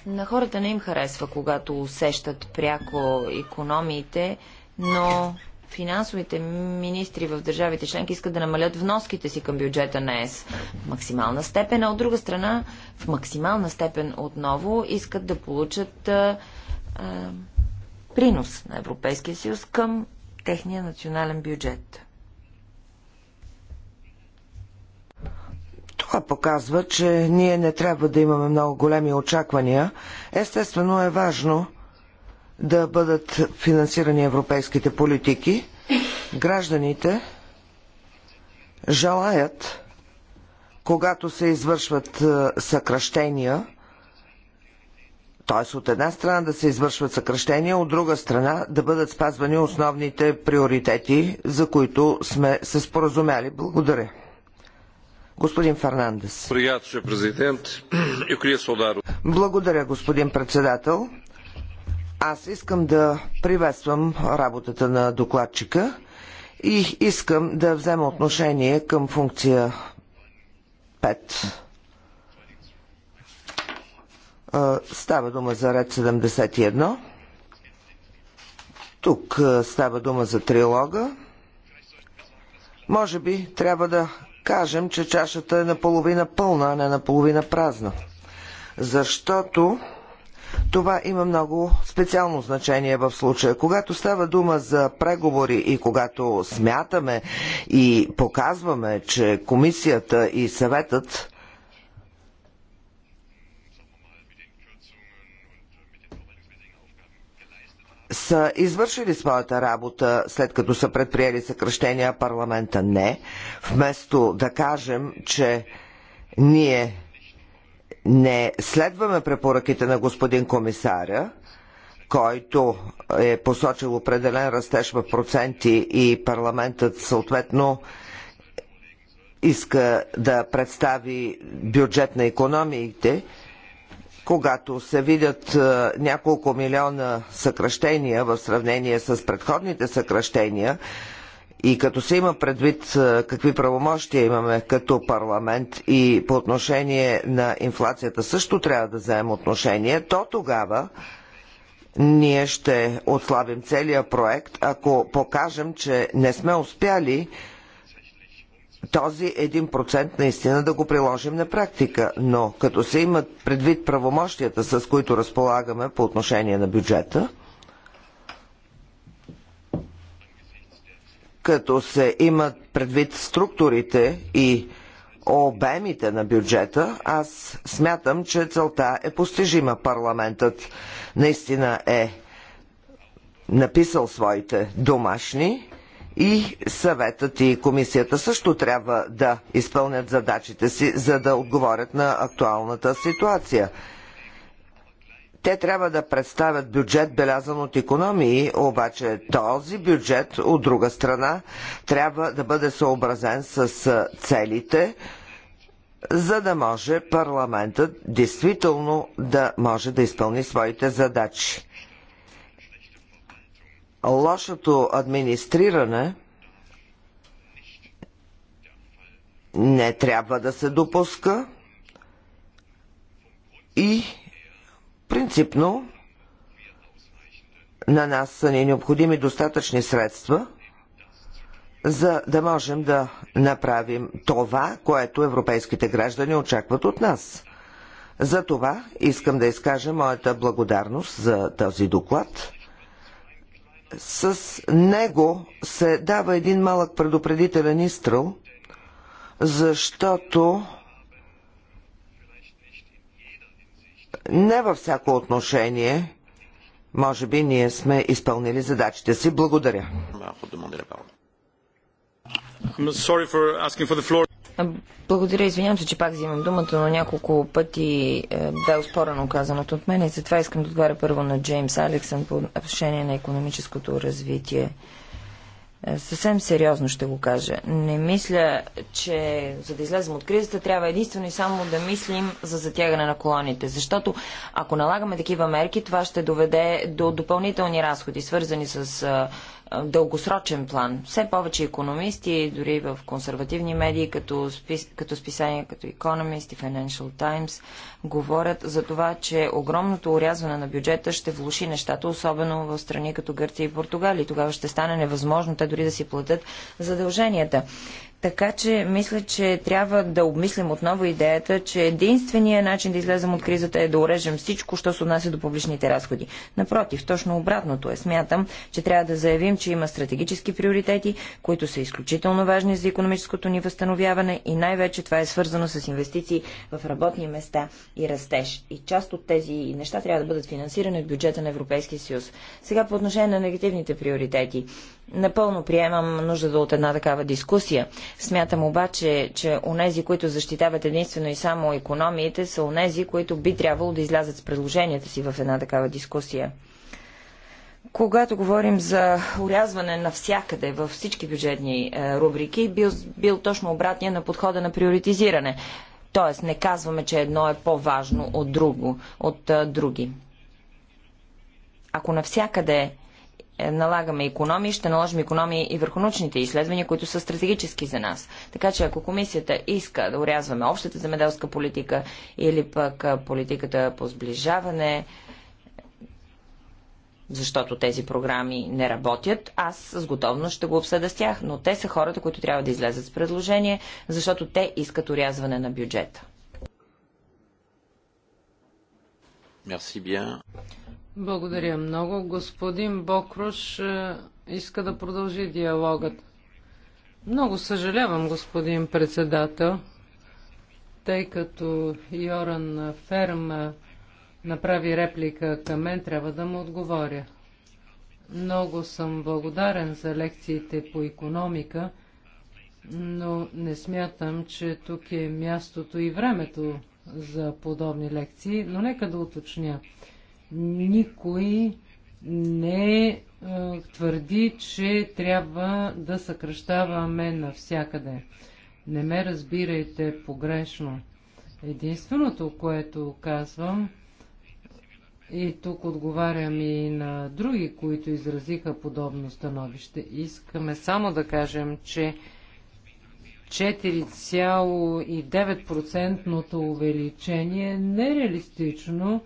На хората не им харесва, когато усещат пряко економиите, но финансовите министри в държавите членки искат да намалят вноските си към бюджета на ЕС в максимална степен, а от друга страна в максимална степен отново искат да получат а, а, принос на Европейския съюз към техния национален бюджет. Това показва, че ние не трябва да имаме много големи очаквания. Естествено е важно да бъдат финансирани европейските политики. Гражданите желаят, когато се извършват е, съкръщения, т.е. от една страна да се извършват съкръщения, от друга страна да бъдат спазвани основните приоритети, за които сме се споразумяли. Благодаря. Господин Фернандес. Благодаря, господин председател. Аз искам да приветствам работата на докладчика и искам да взема отношение към функция 5 Става дума за ред 71. Тук става дума за трилога. Може би трябва да кажем, че чашата е наполовина пълна, а не наполовина празна. Защото това има много специално значение в случая. Когато става дума за преговори и когато смятаме и показваме, че комисията и съветът са извършили своята работа, след като са предприели съкръщения, парламента не. Вместо да кажем, че ние не следваме препоръките на господин комисаря, който е посочил определен растеж в проценти и парламентът съответно иска да представи бюджет на економиите, когато се видят е, няколко милиона съкръщения в сравнение с предходните съкръщения, и като се има предвид е, какви правомощия имаме като парламент и по отношение на инфлацията също трябва да вземем отношение, то тогава ние ще отслабим целия проект, ако покажем, че не сме успяли този 1% наистина да го приложим на практика. Но като се имат предвид правомощията, с които разполагаме по отношение на бюджета, като се имат предвид структурите и обемите на бюджета, аз смятам, че целта е постижима. Парламентът наистина е написал своите домашни и съветът и комисията също трябва да изпълнят задачите си, за да отговорят на актуалната ситуация. Те трябва да представят бюджет, белязан от економии, обаче този бюджет, от друга страна, трябва да бъде съобразен с целите, за да може парламентът действително да може да изпълни своите задачи лошото администриране не трябва да се допуска и принципно на нас са ни необходими достатъчни средства, за да можем да направим това, което европейските граждани очакват от нас. За това искам да изкажа моята благодарност за този доклад с него се дава един малък предупредителен изстрел, защото не във всяко отношение, може би, ние сме изпълнили задачите си. Благодаря. Благодаря, извинявам се, че пак взимам думата, но няколко пъти е, бе успорено казаното от мен и затова искам да отговаря първо на Джеймс Алексън по отношение на економическото развитие. Е, съвсем сериозно ще го кажа. Не мисля, че за да излезем от кризата трябва единствено и само да мислим за затягане на колоните. Защото ако налагаме такива мерки, това ще доведе до допълнителни разходи, свързани с е, дългосрочен план. Все повече економисти, дори в консервативни медии, като, спис... като списания като Economist и Financial Times, говорят за това, че огромното урязване на бюджета ще влуши нещата, особено в страни като Гърция и Португалия. Тогава ще стане невъзможно те дори да си платят задълженията. Така че мисля, че трябва да обмислим отново идеята, че единственият начин да излезем от кризата е да урежем всичко, що се отнася до публичните разходи. Напротив, точно обратното е. Смятам, че трябва да заявим, че има стратегически приоритети, които са изключително важни за економическото ни възстановяване и най-вече това е свързано с инвестиции в работни места и растеж. И част от тези неща трябва да бъдат финансирани от бюджета на Европейския съюз. Сега по отношение на негативните приоритети. Напълно приемам нуждата от една такава дискусия. Смятам обаче, че онези, които защитават единствено и само економиите, са онези, които би трябвало да излязат с предложенията си в една такава дискусия. Когато говорим за урязване навсякъде, във всички бюджетни е, рубрики, бил, бил точно обратния на подхода на приоритизиране. Тоест, не казваме, че едно е по-важно от друго, от е, други. Ако навсякъде е, налагаме економии, ще наложим економии и върху научните изследвания, които са стратегически за нас. Така че ако комисията иска да урязваме общата земеделска политика или пък политиката по сближаване, защото тези програми не работят, аз с готовност ще го обсъда с тях. Но те са хората, които трябва да излезат с предложение, защото те искат урязване на бюджета. Мерси бия. Благодаря много. Господин Бокруш е, иска да продължи диалогът. Много съжалявам, господин председател, тъй като Йоран Ферм е, направи реплика към мен, трябва да му отговоря. Много съм благодарен за лекциите по економика, но не смятам, че тук е мястото и времето за подобни лекции, но нека да уточня – никой не е, твърди, че трябва да съкръщаваме навсякъде. Не ме разбирайте погрешно. Единственото, което казвам, и тук отговарям и на други, които изразиха подобно становище. Искаме само да кажем, че 4,9% увеличение е нереалистично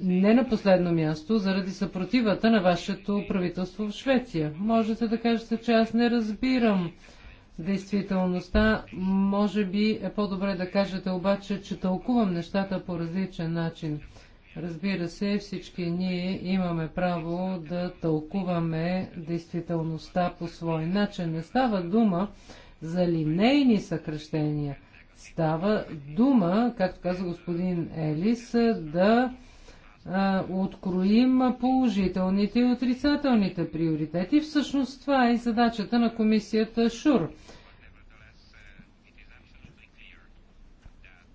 не на последно място, заради съпротивата на вашето правителство в Швеция. Можете да кажете, че аз не разбирам действителността. Може би е по-добре да кажете обаче, че тълкувам нещата по различен начин. Разбира се, всички ние имаме право да тълкуваме действителността по свой начин. Не става дума за линейни съкръщения. Става дума, както каза господин Елис, да откроим положителните и отрицателните приоритети. Всъщност това е и задачата на комисията ШУР.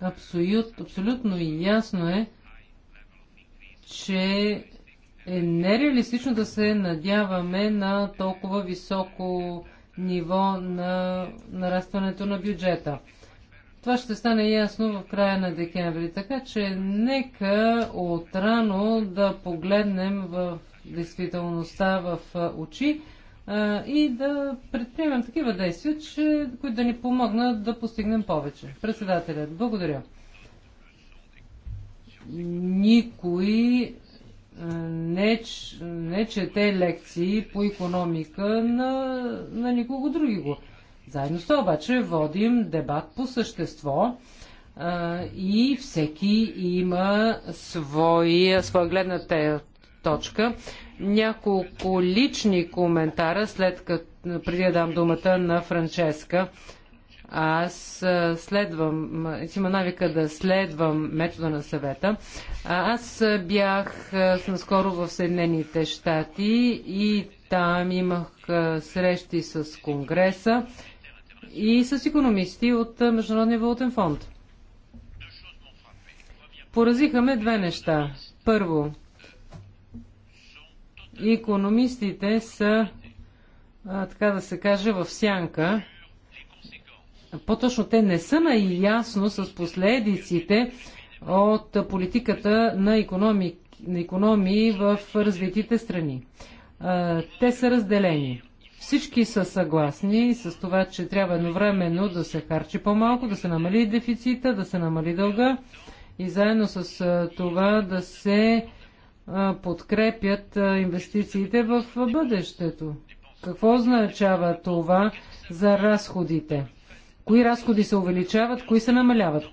Абсолют, абсолютно ясно е, че е нереалистично да се надяваме на толкова високо ниво на нарастването на бюджета. Това ще стане ясно в края на декември, така че нека отрано да погледнем в действителността в очи а, и да предприемем такива действия, че, които да ни помогнат да постигнем повече. Председателят, благодаря. Никой не, не чете лекции по економика на, на никого други го. Заедно с това обаче водим дебат по същество а, и всеки има своя, своя гледната точка. Няколко лични коментара, след като преди да дам думата на Франческа. Аз следвам, има навика да следвам метода на съвета. Аз бях наскоро в Съединените щати и там имах срещи с Конгреса и с економисти от Международния валутен фонд. Поразихаме две неща. Първо, економистите са, така да се каже, в сянка. По-точно те не са наясно с последиците от политиката на, економик, на економии в развитите страни. те са разделени. Всички са съгласни с това, че трябва едновременно да се харчи по-малко, да се намали дефицита, да се намали дълга и заедно с това да се подкрепят инвестициите в бъдещето. Какво означава това за разходите? Кои разходи се увеличават, кои се намаляват?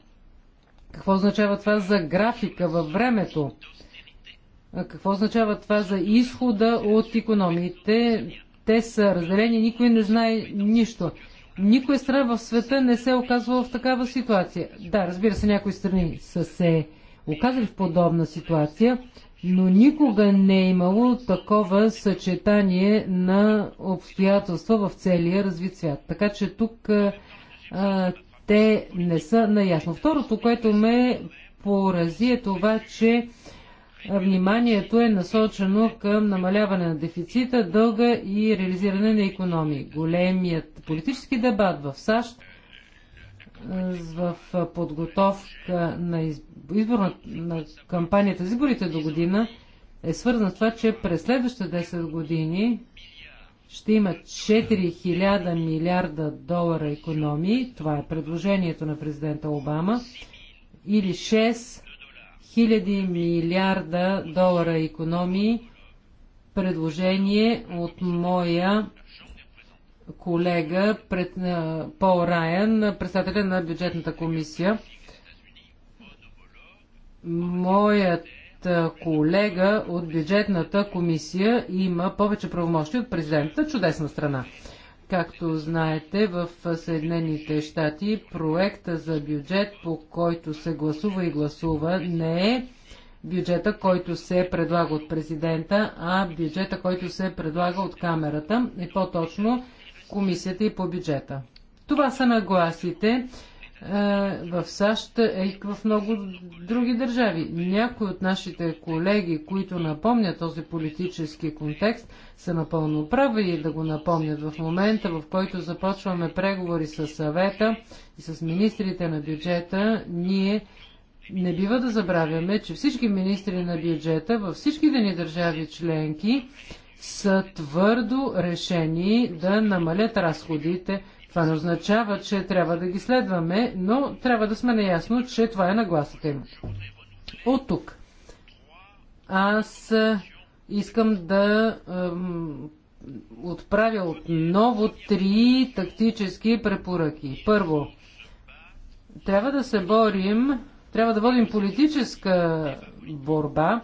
Какво означава това за графика във времето? Какво означава това за изхода от економиите? Те са разделени, никой не знае нищо. Никоя страна в света не се е оказвала в такава ситуация. Да, разбира се, някои страни са се оказали в подобна ситуация, но никога не е имало такова съчетание на обстоятелства в целия развит свят. Така че тук а, те не са наясно. Второто, което ме порази е това, че вниманието е насочено към намаляване на дефицита, дълга и реализиране на економии. Големият политически дебат в САЩ е, в подготовка на изборна на кампанията за изборите до година е свързан с това, че през следващите 10 години ще има 4000 милиарда долара економии. Това е предложението на президента Обама. Или 6 хиляди милиарда долара економии. Предложение от моя колега пред, Пол Райан, председателя на бюджетната комисия. Моят колега от бюджетната комисия има повече правомощи от президента. Чудесна страна. Както знаете, в Съединените щати проекта за бюджет, по който се гласува и гласува, не е бюджета, който се предлага от президента, а бюджета, който се предлага от камерата и по-точно комисията и по бюджета. Това са нагласите е, в САЩ е и в много други държави. Някои от нашите колеги, които напомнят този политически контекст, са напълно прави и да го напомнят в момента, в който започваме преговори с съвета и с министрите на бюджета, ние не бива да забравяме, че всички министри на бюджета във всичките ни държави членки са твърдо решени да намалят разходите това не означава, че трябва да ги следваме, но трябва да сме наясно, че това е нагласата им. От тук. Аз искам да ем, отправя отново три тактически препоръки. Първо, трябва да се борим, трябва да водим политическа борба,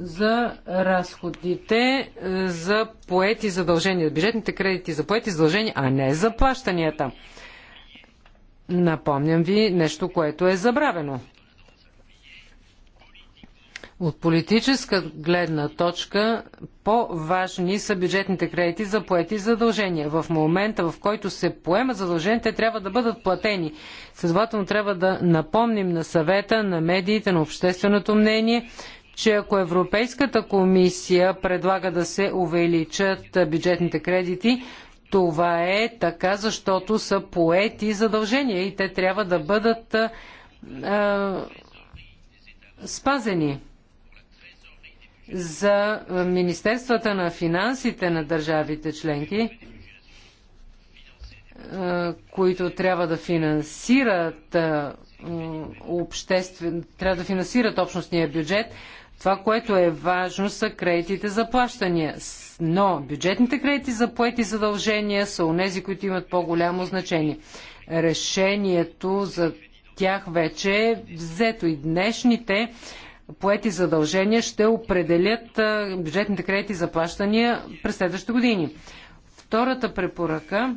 за разходите е, за поети задължения, бюджетните кредити за поети задължения, а не за плащанията. Напомням ви нещо, което е забравено. От политическа гледна точка по-важни са бюджетните кредити за поети задължения. В момента, в който се поема задължения, те трябва да бъдат платени. Следователно трябва да напомним на съвета, на медиите, на общественото мнение, че ако Европейската комисия предлага да се увеличат бюджетните кредити, това е така, защото са поети задължения и те трябва да бъдат а, спазени. За Министерствата на финансите на държавите членки, които трябва да финансират обществен, трябва да финансират общностния бюджет, това, което е важно, са кредитите за плащания. Но бюджетните кредити за поети задължения са у нези, които имат по-голямо значение. Решението за тях вече е взето и днешните поети задължения ще определят бюджетните кредити за плащания през следващите години. Втората препоръка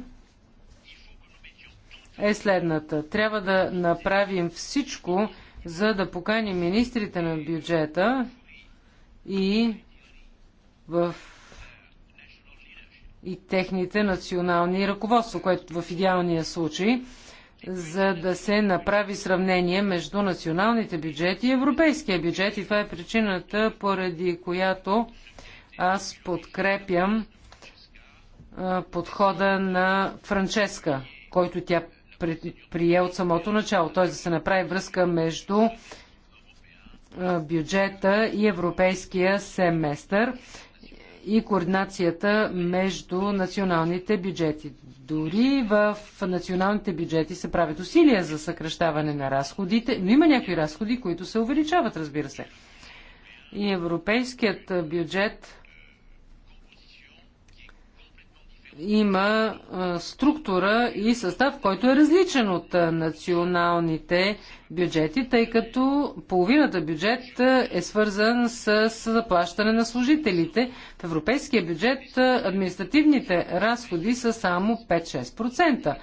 е следната. Трябва да направим всичко, за да покани министрите на бюджета и в и техните национални ръководства, което в идеалния случай, за да се направи сравнение между националните бюджети и европейския бюджет. И това е причината, поради която аз подкрепям подхода на Франческа, който тя прие от самото начало, т.е. да се направи връзка между бюджета и европейския семестър и координацията между националните бюджети. Дори в националните бюджети се правят усилия за съкръщаване на разходите, но има някои разходи, които се увеличават, разбира се. И европейският бюджет има структура и състав, който е различен от националните бюджети, тъй като половината бюджет е свързан с заплащане на служителите. В европейския бюджет административните разходи са само 5-6%.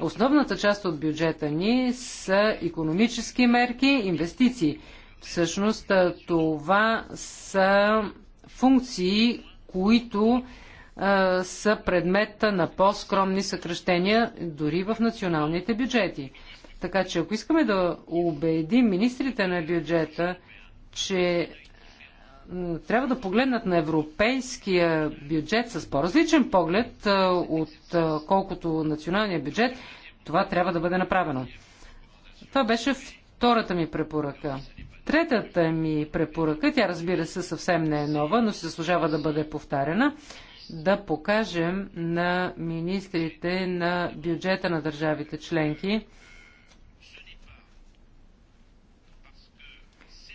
Основната част от бюджета ни са економически мерки, инвестиции. Всъщност това са функции, които са предмета на по-скромни съкръщения дори в националните бюджети. Така че ако искаме да убедим министрите на бюджета, че трябва да погледнат на европейския бюджет с по-различен поглед от колкото националния бюджет, това трябва да бъде направено. Това беше втората ми препоръка. Третата ми препоръка, тя разбира се съвсем не е нова, но се заслужава да бъде повтарена, да покажем на министрите на бюджета на държавите членки,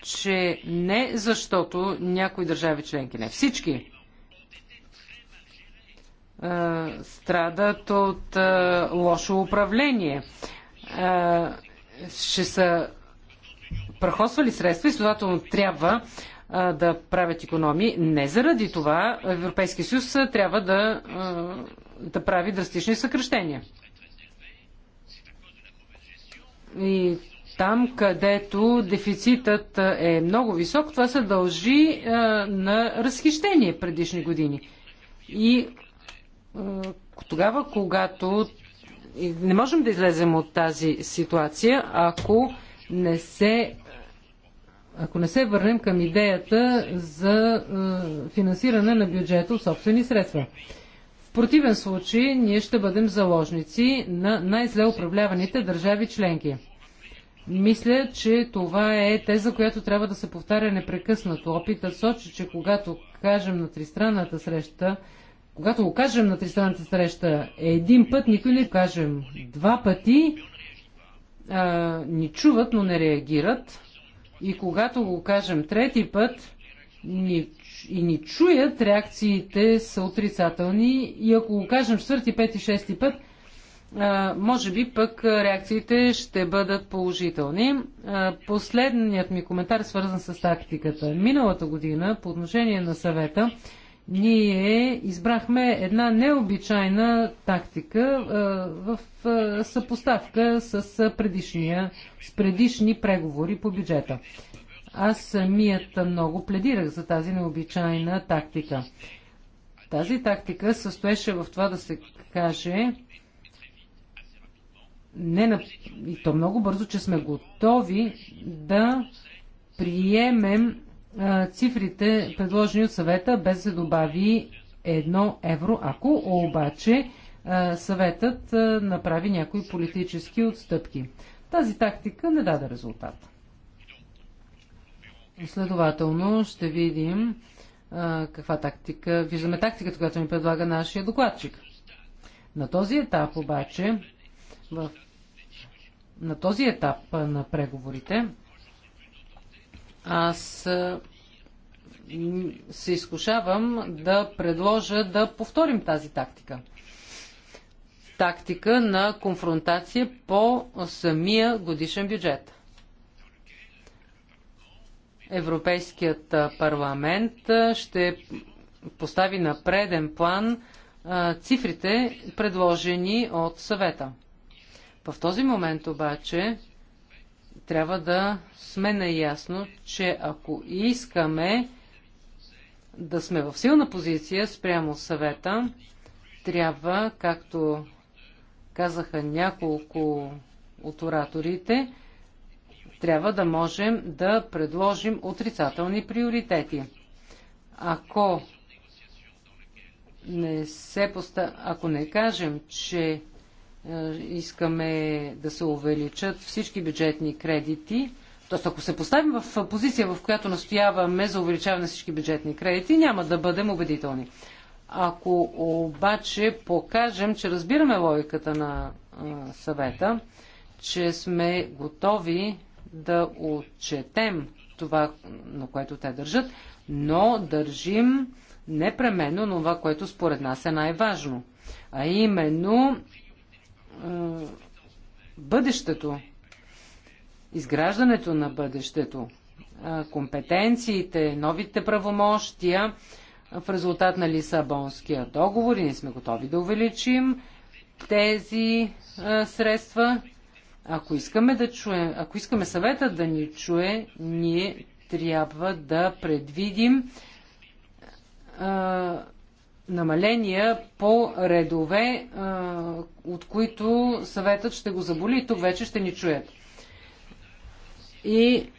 че не защото някои държави членки, не всички, страдат от лошо управление. ще са прахосвали средства и следователно трябва да правят економии. Не заради това Европейския съюз трябва да, да прави драстични съкръщения. И там, където дефицитът е много висок, това се дължи на разхищение предишни години. И тогава, когато не можем да излезем от тази ситуация, ако не се ако не се върнем към идеята за е, финансиране на бюджета от собствени средства. В противен случай ние ще бъдем заложници на най-зле управляваните държави членки. Мисля, че това е теза, която трябва да се повтаря непрекъснато. Опитът сочи, че когато кажем на тристранната среща, когато го кажем на тристранната среща един път, никой не кажем два пъти, а, ни чуват, но не реагират. И когато го кажем трети път ни, и ни чуят, реакциите са отрицателни. И ако го кажем четвърти, пети, шести път, може би пък реакциите ще бъдат положителни. Последният ми коментар е свързан с тактиката. Миналата година по отношение на съвета ние избрахме една необичайна тактика в съпоставка с, предишния, с предишни преговори по бюджета. Аз самият много пледирах за тази необичайна тактика. Тази тактика състоеше в това да се каже не на, и то много бързо, че сме готови да приемем цифрите, предложени от съвета, без да се добави едно евро, ако обаче съветът направи някои политически отстъпки. Тази тактика не даде резултат. Следователно ще видим каква тактика. Виждаме тактиката, която ни предлага нашия докладчик. На този етап обаче, в... на този етап на преговорите, аз се изкушавам да предложа да повторим тази тактика. Тактика на конфронтация по самия годишен бюджет. Европейският парламент ще постави на преден план цифрите, предложени от съвета. В този момент обаче трябва да сме наясно, че ако искаме да сме в силна позиция спрямо съвета, трябва, както казаха няколко от ораторите, трябва да можем да предложим отрицателни приоритети. Ако не, се поста... Ако не кажем, че е, искаме да се увеличат всички бюджетни кредити, т.е. ако се поставим в позиция, в която настояваме за увеличаване на всички бюджетни кредити, няма да бъдем убедителни. Ако обаче покажем, че разбираме логиката на съвета, че сме готови да отчетем това, на което те държат, но държим непременно това, което според нас е най-важно. А именно бъдещето, изграждането на бъдещето, компетенциите, новите правомощия в резултат на Лисабонския договор и ние сме готови да увеличим тези средства. Ако искаме, да чуем, ако искаме съвета да ни чуе, ние трябва да предвидим намаления по редове, от които съветът ще го заболи и тук вече ще ни чуят. И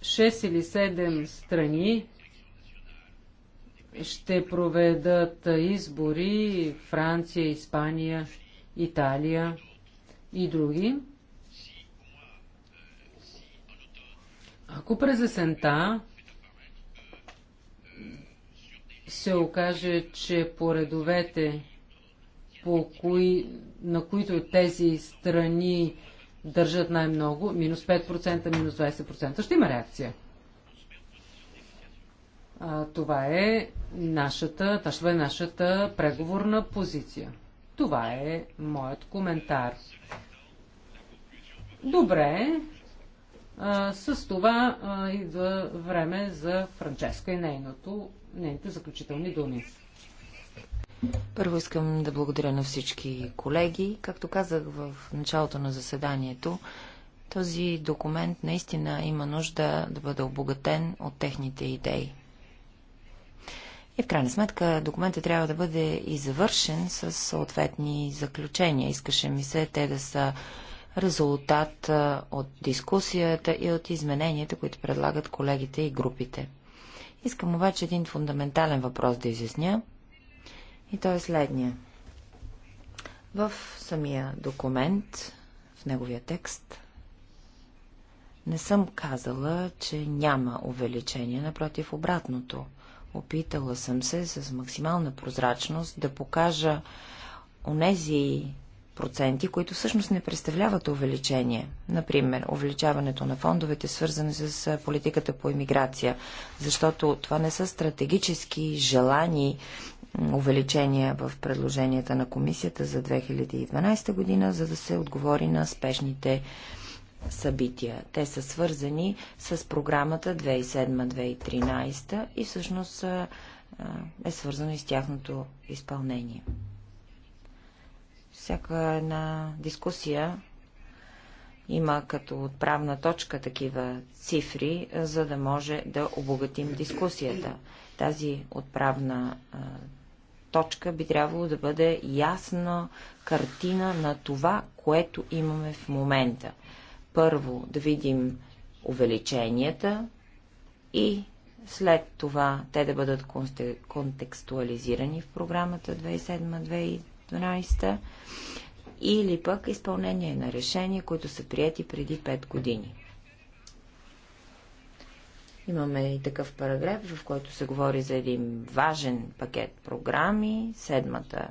6 или 7 страни ще проведат избори Франция, Испания, Италия и други. Ако през есента се окаже, че по редовете, по кои, на които тези страни държат най-много, минус 5%, минус 20%, ще има реакция. А, това е нашата, това е нашата преговорна позиция. Това е моят коментар. Добре, а, с това а, идва време за Франческа и нейното нейните заключителни думи. Първо искам да благодаря на всички колеги. Както казах в началото на заседанието, този документ наистина има нужда да бъде обогатен от техните идеи. И в крайна сметка документът трябва да бъде и завършен с съответни заключения. Искаше ми се те да са резултат от дискусията и от измененията, които предлагат колегите и групите. Искам обаче един фундаментален въпрос да изясня. И той е следния. В самия документ, в неговия текст, не съм казала, че няма увеличение, напротив обратното. Опитала съм се с максимална прозрачност да покажа онези проценти, които всъщност не представляват увеличение. Например, увеличаването на фондовете, свързани с политиката по иммиграция, защото това не са стратегически желани увеличения в предложенията на комисията за 2012 година, за да се отговори на спешните събития. Те са свързани с програмата 2007-2013 и всъщност е свързано и с тяхното изпълнение. Всяка една дискусия има като отправна точка такива цифри, за да може да обогатим дискусията. Тази отправна а, точка би трябвало да бъде ясна картина на това, което имаме в момента. Първо да видим увеличенията и след това те да бъдат контекстуализирани в програмата 2007 2012 или пък изпълнение на решения, които са прияти преди 5 години. Имаме и такъв параграф, в който се говори за един важен пакет програми, седмата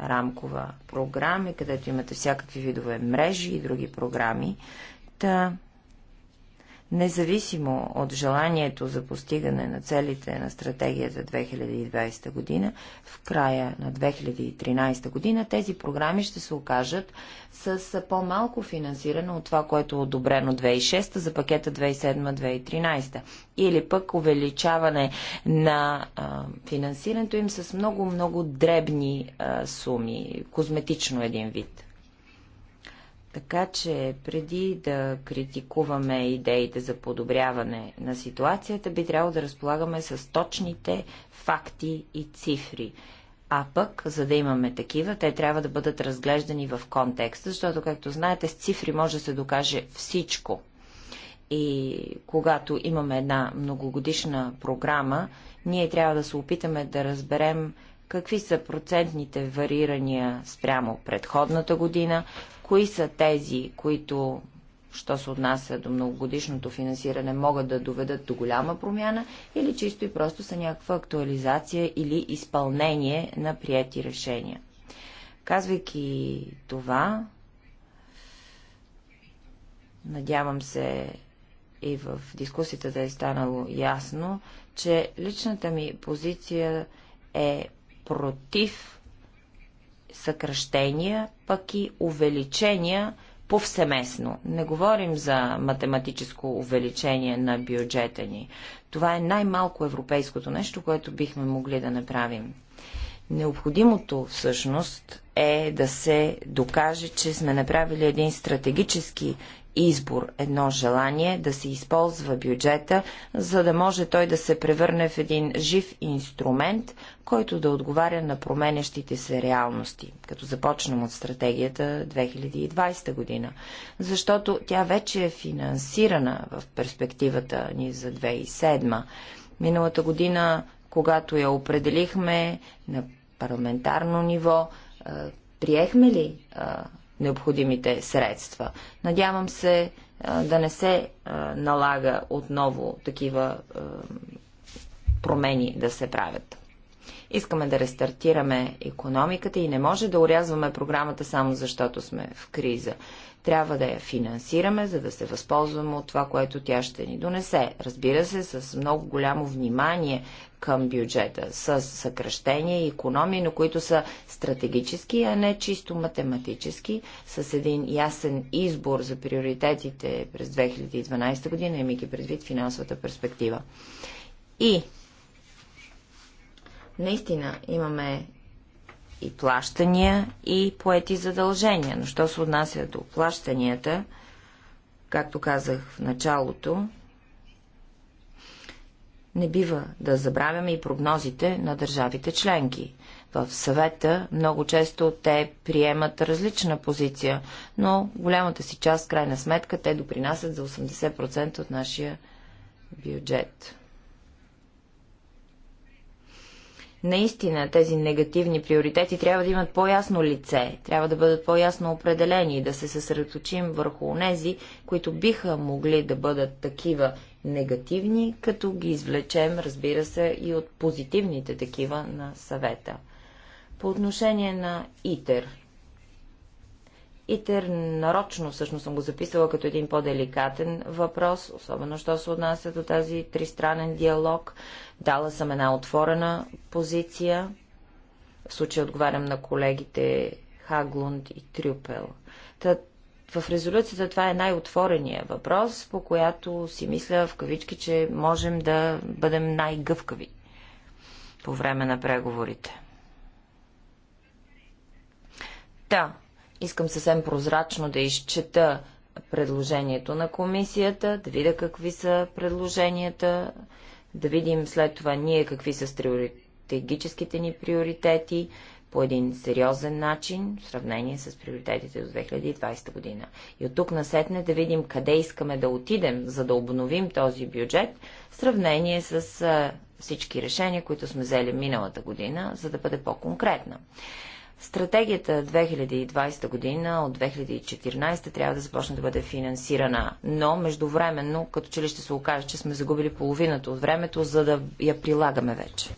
рамкова програми, където имате всякакви видове мрежи и други програми. Та Независимо от желанието за постигане на целите на стратегията 2020 година, в края на 2013 година тези програми ще се окажат с по-малко финансиране от това, което е одобрено 2006 за пакета 2007-2013. Или пък увеличаване на а, финансирането им с много-много дребни а, суми, козметично един вид. Така че преди да критикуваме идеите за подобряване на ситуацията, би трябвало да разполагаме с точните факти и цифри. А пък, за да имаме такива, те трябва да бъдат разглеждани в контекста, защото, както знаете, с цифри може да се докаже всичко. И когато имаме една многогодишна програма, ние трябва да се опитаме да разберем какви са процентните варирания спрямо предходната година, Кои са тези, които, що се отнася до многогодишното финансиране, могат да доведат до голяма промяна или чисто и просто са някаква актуализация или изпълнение на прияти решения? Казвайки това, надявам се и в дискусията да е станало ясно, че личната ми позиция е против съкръщения, пък и увеличения повсеместно. Не говорим за математическо увеличение на бюджета ни. Това е най-малко европейското нещо, което бихме могли да направим. Необходимото всъщност е да се докаже, че сме направили един стратегически избор, едно желание да се използва бюджета, за да може той да се превърне в един жив инструмент, който да отговаря на променящите се реалности, като започнем от стратегията 2020 година, защото тя вече е финансирана в перспективата ни за 2007. Миналата година, когато я определихме на парламентарно ниво, приехме ли необходимите средства. Надявам се да не се налага отново такива промени да се правят. Искаме да рестартираме економиката и не може да урязваме програмата само защото сме в криза. Трябва да я финансираме, за да се възползваме от това, което тя ще ни донесе. Разбира се, с много голямо внимание към бюджета с съкръщения и економии, но които са стратегически, а не чисто математически, с един ясен избор за приоритетите през 2012 година, имайки предвид финансовата перспектива. И наистина имаме и плащания, и поети задължения. Но що се отнася до плащанията, както казах в началото, не бива да забравяме и прогнозите на държавите членки. В съвета много често те приемат различна позиция, но голямата си част, крайна сметка, те допринасят за 80% от нашия бюджет. наистина тези негативни приоритети трябва да имат по-ясно лице, трябва да бъдат по-ясно определени и да се съсредоточим върху онези, които биха могли да бъдат такива негативни, като ги извлечем, разбира се, и от позитивните такива на съвета. По отношение на ИТЕР. ИТЕР нарочно всъщност съм го записала като един по-деликатен въпрос, особено що се отнася до тази тристранен диалог. Дала съм една отворена позиция. В случая отговарям на колегите Хаглунд и Трюпел. Та, в резолюцията това е най-отворения въпрос, по която си мисля в кавички, че можем да бъдем най-гъвкави по време на преговорите. Да, искам съвсем прозрачно да изчета предложението на комисията, да видя какви са предложенията, да видим след това ние какви са стратегическите ни приоритети, по един сериозен начин в сравнение с приоритетите до 2020 година. И от тук насетне да видим къде искаме да отидем, за да обновим този бюджет в сравнение с всички решения, които сме взели миналата година, за да бъде по-конкретна. Стратегията 2020 година от 2014 трябва да започне да бъде финансирана, но междувременно, като че ли ще се окаже, че сме загубили половината от времето, за да я прилагаме вече.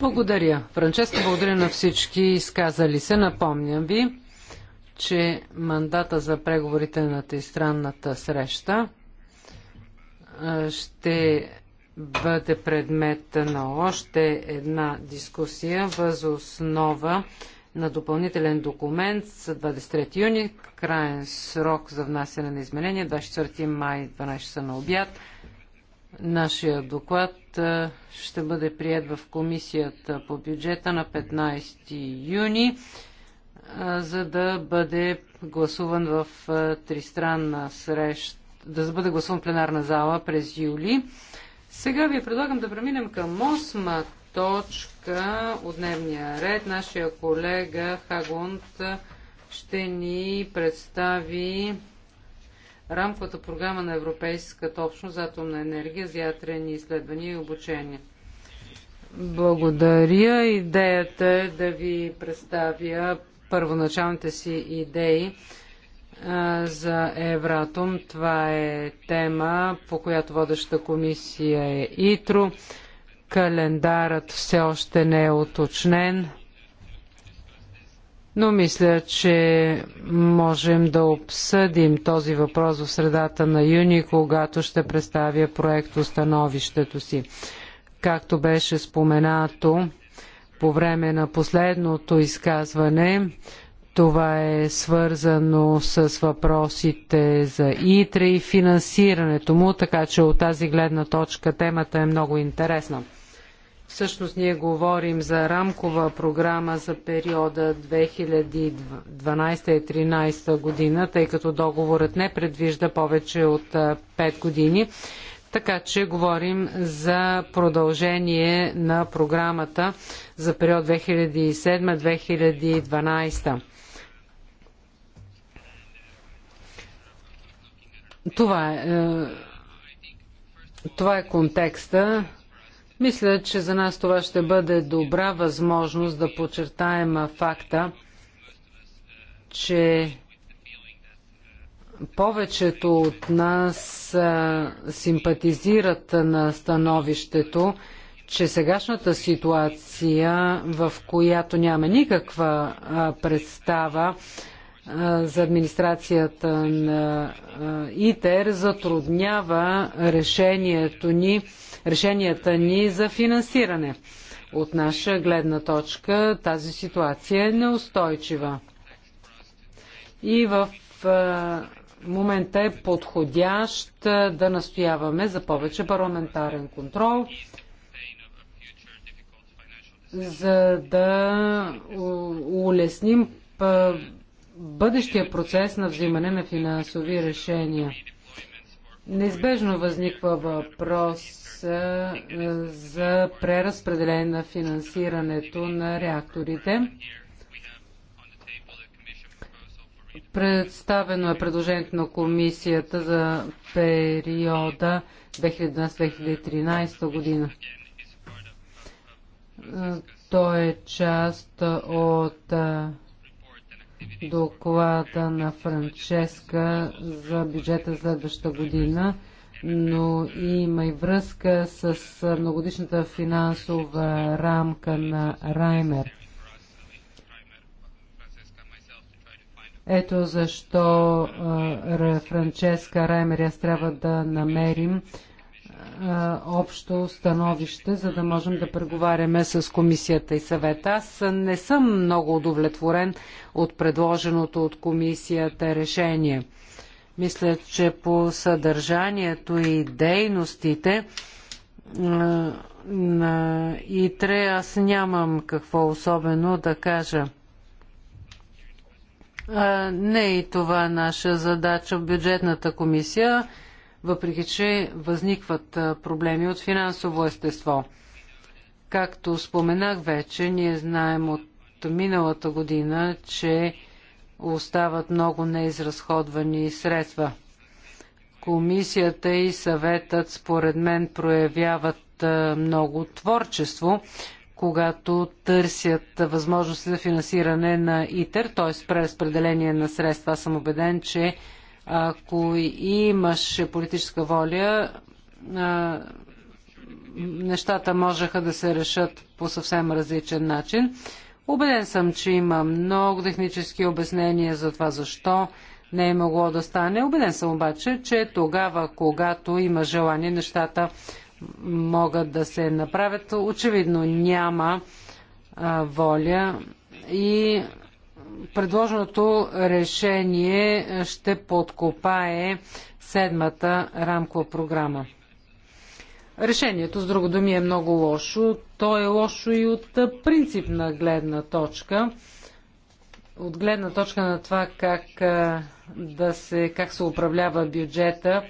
Благодаря. Франческа, благодаря на всички изказали се. Напомням ви, че мандата за преговорите на тристранната среща ще бъде предмет на още една дискусия въз основа на допълнителен документ с 23 юни, краен срок за внасяне на изменения, 24 май 12 часа на обяд. Нашия доклад ще бъде прият в комисията по бюджета на 15 юни, за да бъде гласуван в тристранна среща, да бъде гласуван в пленарна зала през юли. Сега ви предлагам да преминем към осма точка от дневния ред. Нашия колега Хагунт ще ни представи рамковата програма на Европейската общност за атомна енергия за ядрени изследвания и обучение. Благодаря. Идеята е да ви представя първоначалните си идеи за Евратом. Това е тема, по която водеща комисия е ИТРО. Календарът все още не е уточнен, но мисля, че можем да обсъдим този въпрос в средата на юни, когато ще представя проект становището си. Както беше споменато по време на последното изказване, това е свързано с въпросите за ИТРА и финансирането му, така че от тази гледна точка темата е много интересна. Всъщност ние говорим за рамкова програма за периода 2012-2013 година, тъй като договорът не предвижда повече от 5 години. Така че говорим за продължение на програмата за период 2007-2012. Това е, е, това е контекста. Мисля, че за нас това ще бъде добра възможност да подчертаем факта, че повечето от нас е, симпатизират на становището, че сегашната ситуация, в която няма никаква е, представа за администрацията на ИТЕР затруднява решението ни, решенията ни за финансиране. От наша гледна точка тази ситуация е неустойчива. И в момента е подходящ да настояваме за повече парламентарен контрол, за да улесним бъдещия процес на взимане на финансови решения. Неизбежно възниква въпрос за преразпределение на финансирането на реакторите. Представено е предложението на комисията за периода 2012-2013 година. То е част от доклада на Франческа за бюджета следващата година, но има и връзка с многодишната финансова рамка на Раймер. Ето защо Франческа Раймер аз трябва да намерим а, е, общо становище, за да можем да преговаряме с комисията и съвета. Аз не съм много удовлетворен от предложеното от комисията решение. Мисля, че по съдържанието и дейностите а, е, на ИТРЕ аз нямам какво особено да кажа. А, е, не е и това наша задача в бюджетната комисия въпреки че възникват проблеми от финансово естество. Както споменах вече, ние знаем от миналата година, че остават много неизразходвани средства. Комисията и съветът, според мен, проявяват много творчество, когато търсят възможности за финансиране на ИТЕР, т.е. преразпределение на средства. Аз съм убеден, че ако имаше политическа воля, нещата можеха да се решат по съвсем различен начин. Обеден съм, че има много технически обяснения за това защо не е могло да стане. Обеден съм обаче, че тогава, когато има желание, нещата могат да се направят. Очевидно няма а, воля и предложеното решение ще подкопае седмата рамкова програма. Решението, с друго думи, е много лошо. То е лошо и от принципна гледна точка. От гледна точка на това как, да се, как се управлява бюджета.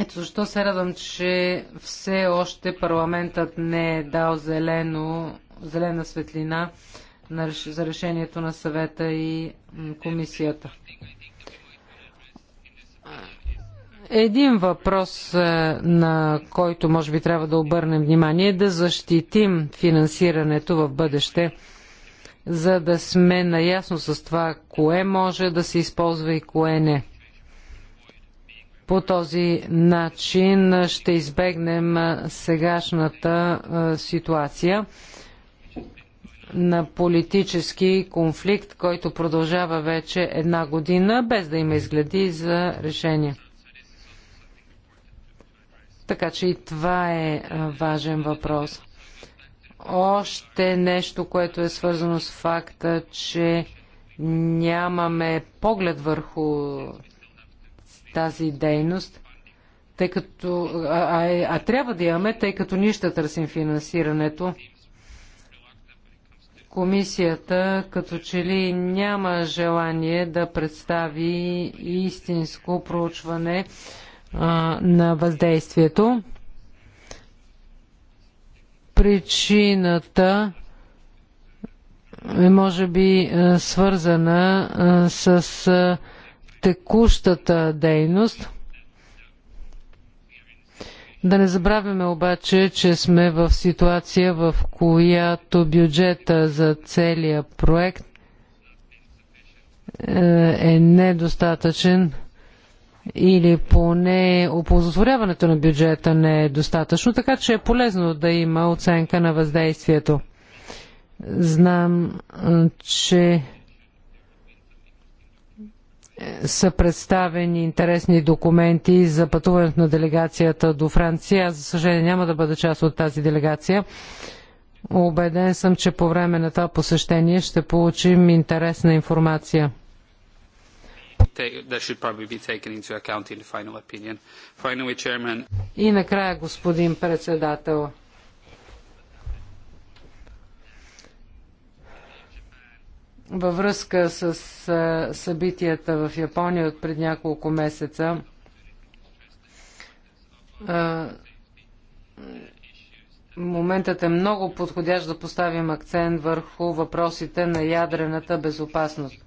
Ето защо се радвам, че все още парламентът не е дал зелено, зелена светлина за решението на съвета и комисията. Един въпрос, е, на който може би трябва да обърнем внимание, е да защитим финансирането в бъдеще, за да сме наясно с това, кое може да се използва и кое не. По този начин ще избегнем е, сегашната е, ситуация на политически конфликт, който продължава вече една година, без да има изгледи за решение. Така че и това е важен въпрос. Още нещо, което е свързано с факта, че нямаме поглед върху тази дейност, тъй като, а, а, е, а трябва да имаме, тъй като ние ще търсим финансирането. Комисията като че ли няма желание да представи истинско проучване а, на въздействието. Причината е може би свързана с текущата дейност – да не забравяме обаче, че сме в ситуация, в която бюджета за целия проект е, е недостатъчен или поне оползотворяването на бюджета не е достатъчно, така че е полезно да има оценка на въздействието. Знам, е, че са представени интересни документи за пътуването на делегацията до Франция. Аз, за съжаление, няма да бъда част от тази делегация. Обеден съм, че по време на това посещение ще получим интересна информация. И накрая, господин председател, във връзка с събитията в Япония от пред няколко месеца, моментът е много подходящ да поставим акцент върху въпросите на ядрената безопасност.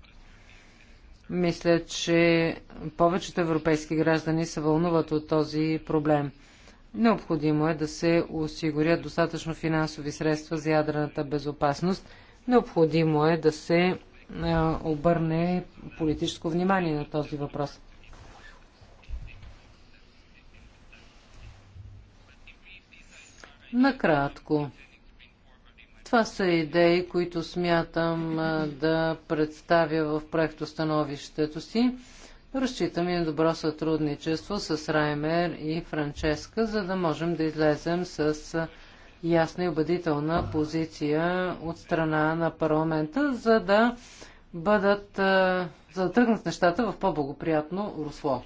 Мисля, че повечето европейски граждани се вълнуват от този проблем. Необходимо е да се осигурят достатъчно финансови средства за ядрената безопасност – Необходимо е да се е, обърне политическо внимание на този въпрос. Накратко. Това са идеи, които смятам е, да представя в становището си. Разчитам и на добро сътрудничество с Раймер и Франческа, за да можем да излезем с е, ясна и убедителна позиция от страна на парламента, за да бъдат, е, за да тръгнат нещата в по-благоприятно русло.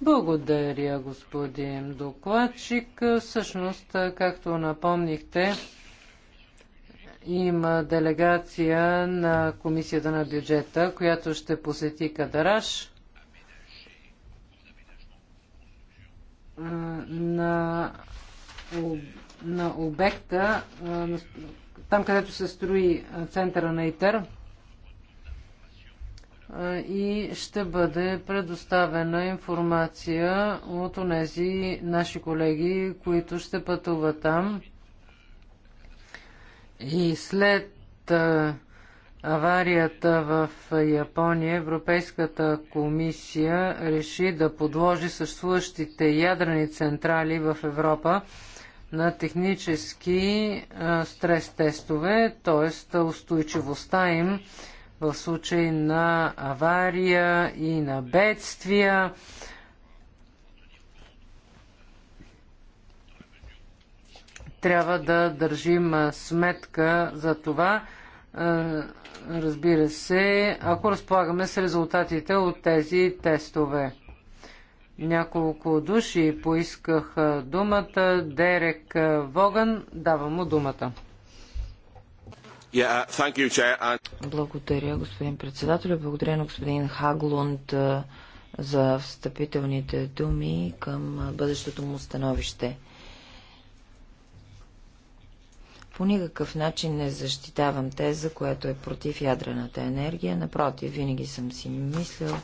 Благодаря, господин докладчик. Всъщност, е, както напомнихте, има делегация на Комисията на бюджета, която ще посети Кадараш е, на на обекта, там където се строи центъра на ИТЕР, и ще бъде предоставена информация от тези наши колеги, които ще пътуват там. И след аварията в Япония, Европейската комисия реши да подложи съществуващите ядрени централи в Европа на технически стрес тестове, т.е. устойчивостта им в случай на авария и на бедствия. Трябва да държим сметка за това, разбира се, ако разполагаме с резултатите от тези тестове. Няколко души поисках думата. Дерек Воган, давам му думата. Yeah, you, And... Благодаря, господин председател. Благодаря на господин Хаглунд за встъпителните думи към бъдещото му становище. По никакъв начин не защитавам теза, която е против ядрената енергия. Напротив, винаги съм си мислил,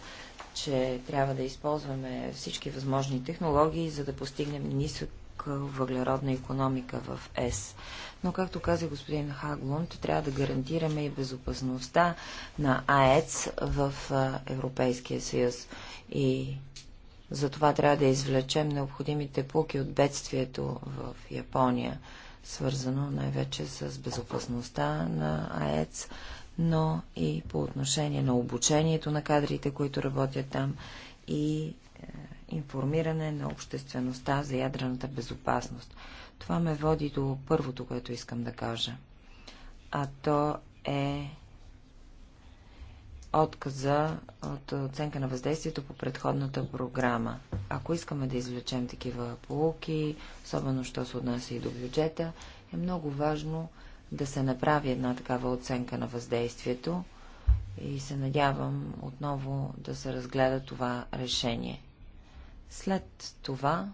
че трябва да използваме всички възможни технологии, за да постигнем нисък въглеродна економика в ЕС. Но, както каза господин Хаглунд, трябва да гарантираме и безопасността на АЕЦ в Европейския съюз. И затова трябва да извлечем необходимите пуки от бедствието в Япония, свързано най-вече с безопасността на АЕЦ, но и по отношение на обучението на кадрите, които работят там и е, информиране на обществеността за ядрената безопасност. Това ме води до първото, което искам да кажа. А то е отказа от оценка на въздействието по предходната програма. Ако искаме да извлечем такива полуки, особено що се отнася и до бюджета, е много важно да се направи една такава оценка на въздействието и се надявам отново да се разгледа това решение. След това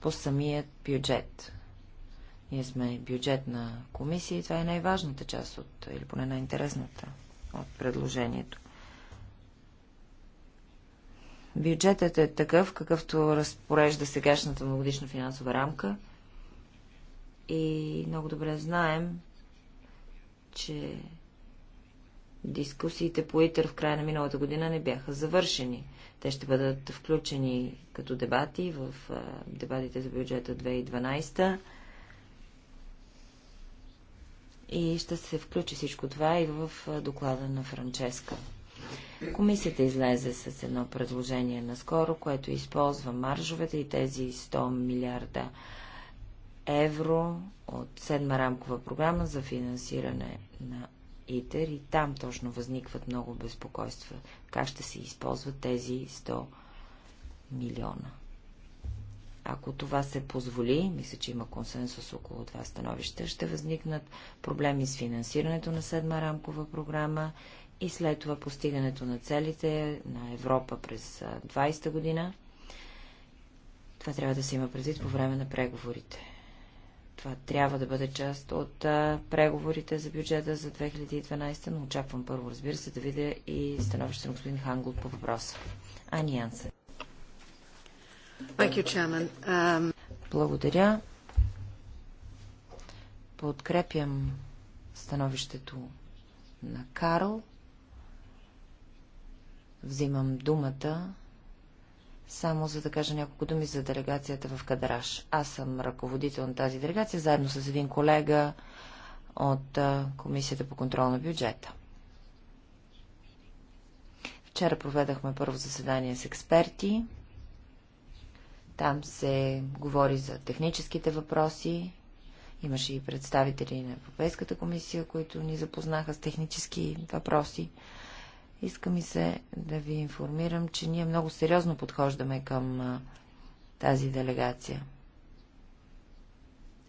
по самият бюджет. Ние сме бюджетна комисия и това е най-важната част от, или поне най-интересната от предложението. Бюджетът е такъв, какъвто разпорежда сегашната многодишна финансова рамка – и много добре знаем, че дискусиите по ИТР в края на миналата година не бяха завършени. Те ще бъдат включени като дебати в дебатите за бюджета 2012 и ще се включи всичко това и в доклада на Франческа. Комисията излезе с едно предложение наскоро, което използва маржовете и тези 100 милиарда евро от седма рамкова програма за финансиране на ИТЕР и там точно възникват много безпокойства. Как ще се използват тези 100 милиона? Ако това се позволи, мисля, че има консенсус около това становище, ще възникнат проблеми с финансирането на седма рамкова програма и след това постигането на целите на Европа през 20-та година. Това трябва да се има предвид по време на преговорите. Това трябва да бъде част от а, преговорите за бюджета за 2012, но очаквам първо, разбира се, да видя и становище на господин Хангл по въпроса. Ани Янсен. Um... Благодаря. Подкрепям становището на Карл. Взимам думата, само за да кажа няколко думи за делегацията в Кадраш. Аз съм ръководител на тази делегация, заедно с един колега от Комисията по контрол на бюджета. Вчера проведахме първо заседание с експерти. Там се говори за техническите въпроси. Имаше и представители на Европейската комисия, които ни запознаха с технически въпроси. Иска ми се да ви информирам, че ние много сериозно подхождаме към а, тази делегация.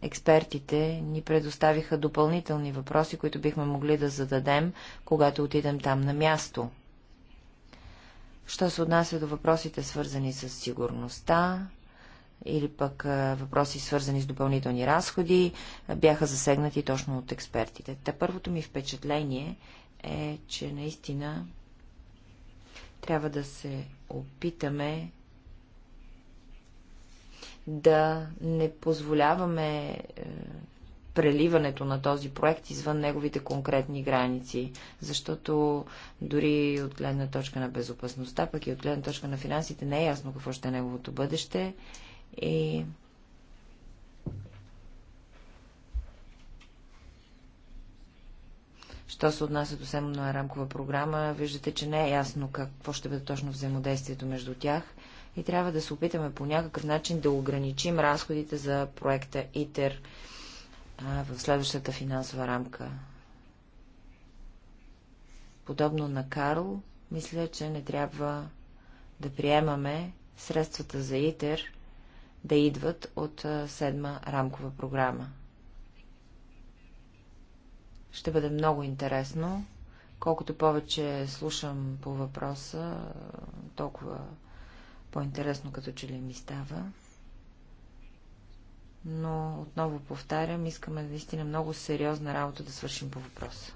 Експертите ни предоставиха допълнителни въпроси, които бихме могли да зададем, когато отидем там на място. Що се отнася до въпросите, свързани с сигурността, или пък въпроси, свързани с допълнителни разходи, бяха засегнати точно от експертите. Та първото ми впечатление е, че наистина трябва да се опитаме да не позволяваме е, преливането на този проект извън неговите конкретни граници, защото дори от гледна точка на безопасността, пък и от гледна точка на финансите не е ясно какво ще е неговото бъдеще и Що се отнася до семена рамкова програма, виждате, че не е ясно какво ще бъде точно взаимодействието между тях и трябва да се опитаме по някакъв начин да ограничим разходите за проекта ИТЕР а, в следващата финансова рамка. Подобно на Карл, мисля, че не трябва да приемаме средствата за ИТЕР да идват от седма рамкова програма. Ще бъде много интересно. Колкото повече слушам по въпроса, толкова по-интересно като че ли ми става. Но отново повтарям, искаме наистина много сериозна работа да свършим по въпроса.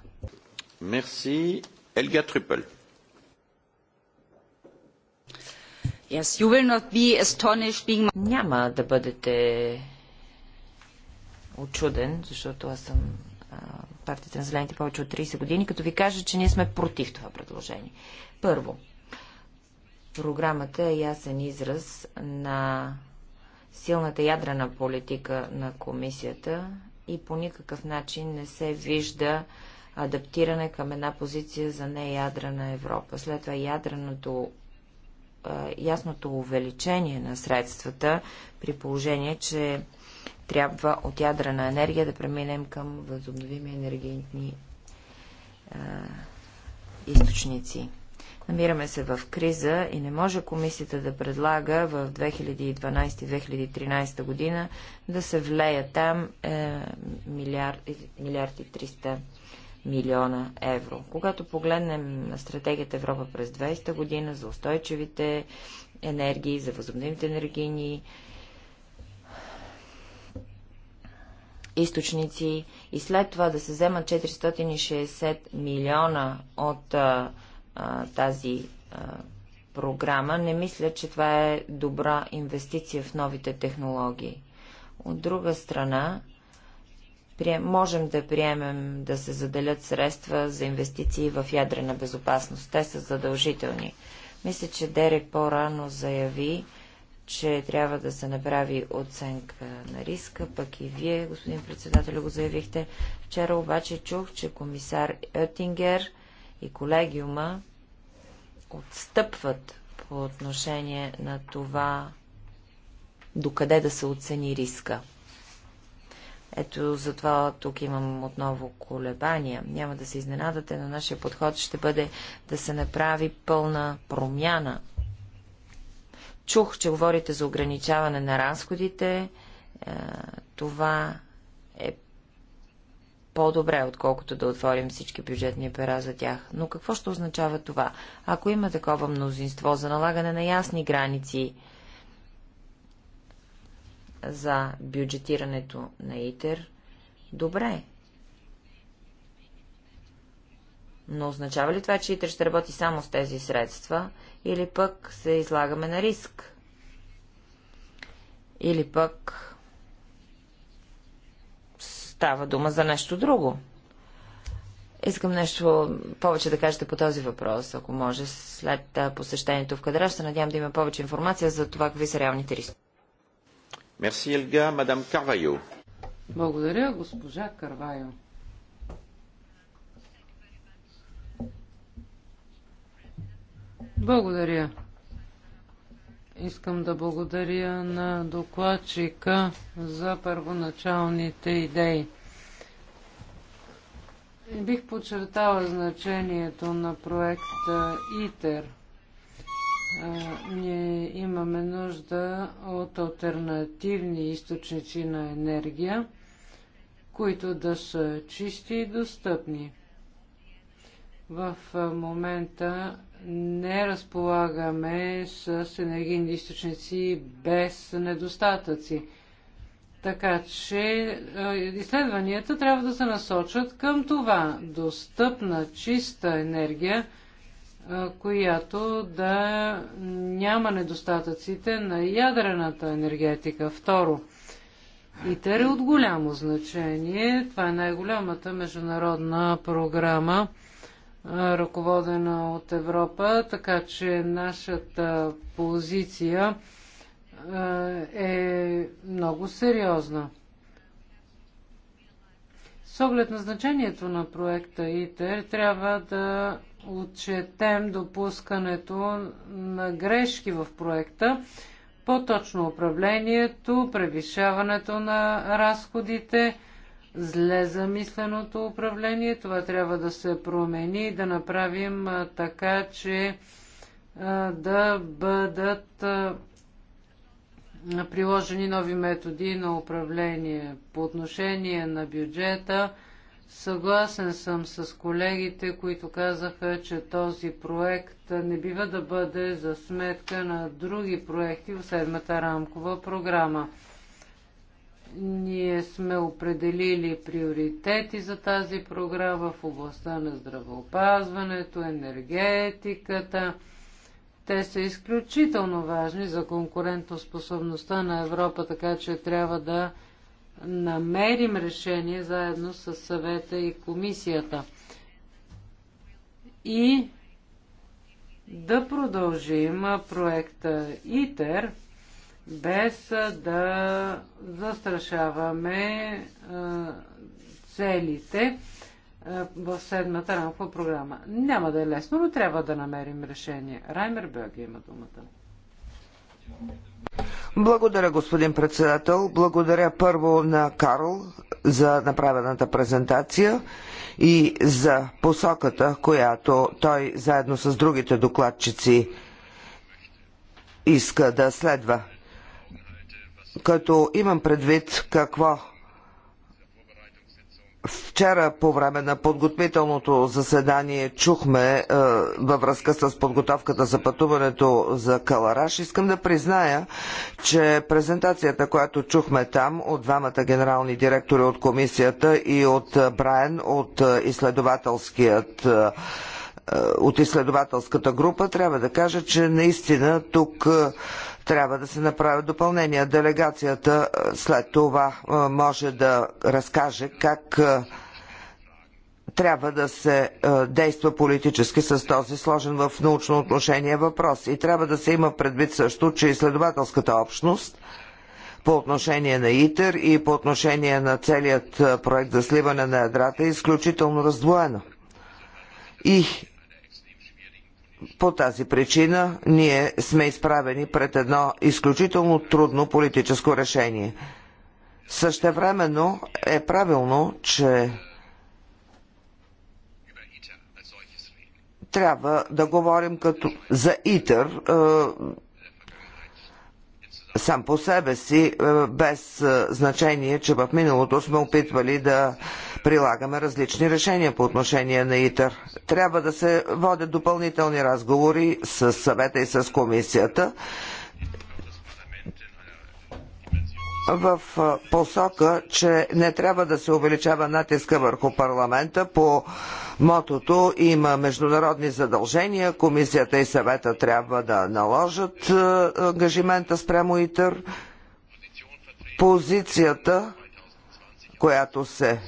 Мерси, Елга Трюпел. Yes, you will not be astonished being... Няма да бъдете очуден, защото аз съм а, партията на зелените повече от 30 години, като ви кажа, че ние сме против това предложение. Първо, програмата е ясен израз на силната ядрена политика на комисията и по никакъв начин не се вижда адаптиране към една позиция за неядрена Европа. След това ядреното ясното увеличение на средствата при положение, че трябва от ядрена енергия да преминем към възобновими енергийни а, източници. Намираме се в криза и не може комисията да предлага в 2012-2013 година да се влея там е, милиард, милиард и 300 милиона евро. Когато погледнем на стратегията Европа през 20 година за устойчивите енергии, за възобновимите енергийни източници и след това да се вземат 460 милиона от а, а, тази а, програма, не мисля, че това е добра инвестиция в новите технологии. От друга страна, можем да приемем да се заделят средства за инвестиции в ядрена безопасност. Те са задължителни. Мисля, че Дерек по-рано заяви, че трябва да се направи оценка на риска, пък и вие, господин председател, го заявихте. Вчера обаче чух, че комисар Етингер и колегиума отстъпват по отношение на това, докъде да се оцени риска. Ето затова тук имам отново колебания. Няма да се изненадате, но нашия подход ще бъде да се направи пълна промяна Чух, че говорите за ограничаване на разходите. Е, това е по-добре, отколкото да отворим всички бюджетни пера за тях. Но какво ще означава това? Ако има такова мнозинство за налагане на ясни граници за бюджетирането на ИТЕР, добре. Но означава ли това, че ИТЕР ще работи само с тези средства или пък се излагаме на риск. Или пък става дума за нещо друго. Искам нещо повече да кажете по този въпрос, ако може, след посещението в кадра. ще надявам да има повече информация за това, какви са реалните риски. Мерси, Елга. Мадам Карвайо. Благодаря, госпожа Карвайо. Благодаря. Искам да благодаря на докладчика за първоначалните идеи. Бих подчертала значението на проекта ИТЕР. Ние имаме нужда от альтернативни източници на енергия, които да са чисти и достъпни. В момента не разполагаме с енергийни източници без недостатъци. Така че е, изследванията трябва да се насочат към това достъпна чиста енергия, е, която да няма недостатъците на ядрената енергетика. Второ, ИТЕР е от голямо значение. Това е най-голямата международна програма ръководена от Европа, така че нашата позиция е много сериозна. С оглед на значението на проекта ИТЕР, трябва да отчетем допускането на грешки в проекта, по-точно управлението, превишаването на разходите – зле замисленото управление. Това трябва да се промени и да направим така, че да бъдат приложени нови методи на управление. По отношение на бюджета, съгласен съм с колегите, които казаха, че този проект не бива да бъде за сметка на други проекти в седмата рамкова програма. Ние сме определили приоритети за тази програма в областта на здравеопазването, енергетиката. Те са изключително важни за конкурентоспособността на Европа, така че трябва да намерим решение заедно с съвета и комисията. И да продължим проекта ИТЕР – без да застрашаваме целите в седмата рамкова програма. Няма да е лесно, но трябва да намерим решение. Раймер Бърге има думата. Благодаря, господин председател. Благодаря първо на Карл за направената презентация и за посоката, която той заедно с другите докладчици иска да следва като имам предвид какво Вчера по време на подготвителното заседание чухме е, във връзка с подготовката за пътуването за Калараш. Искам да призная, че презентацията, която чухме там от двамата генерални директори от комисията и от Брайан от е, изследователският е, е, от изследователската група, трябва да кажа, че наистина тук е, трябва да се направят допълнения. Делегацията е, след това е, може да разкаже как е, трябва да се действа политически с този сложен в научно отношение въпрос. И трябва да се има предвид също, че изследователската общност по отношение на ИТЕР и по отношение на целият проект за сливане на ядрата е изключително раздвоена. И по тази причина ние сме изправени пред едно изключително трудно политическо решение. Същевременно е правилно, че трябва да говорим като за ИТЕР, сам по себе си, е, без е, значение, че в миналото сме опитвали да прилагаме различни решения по отношение на ИТър. Трябва да се водят допълнителни разговори с съвета и с комисията в е, посока, че не трябва да се увеличава натиска върху парламента по мотото има международни задължения, комисията и съвета трябва да наложат е, ангажимента спрямо ИТР, Позицията, която се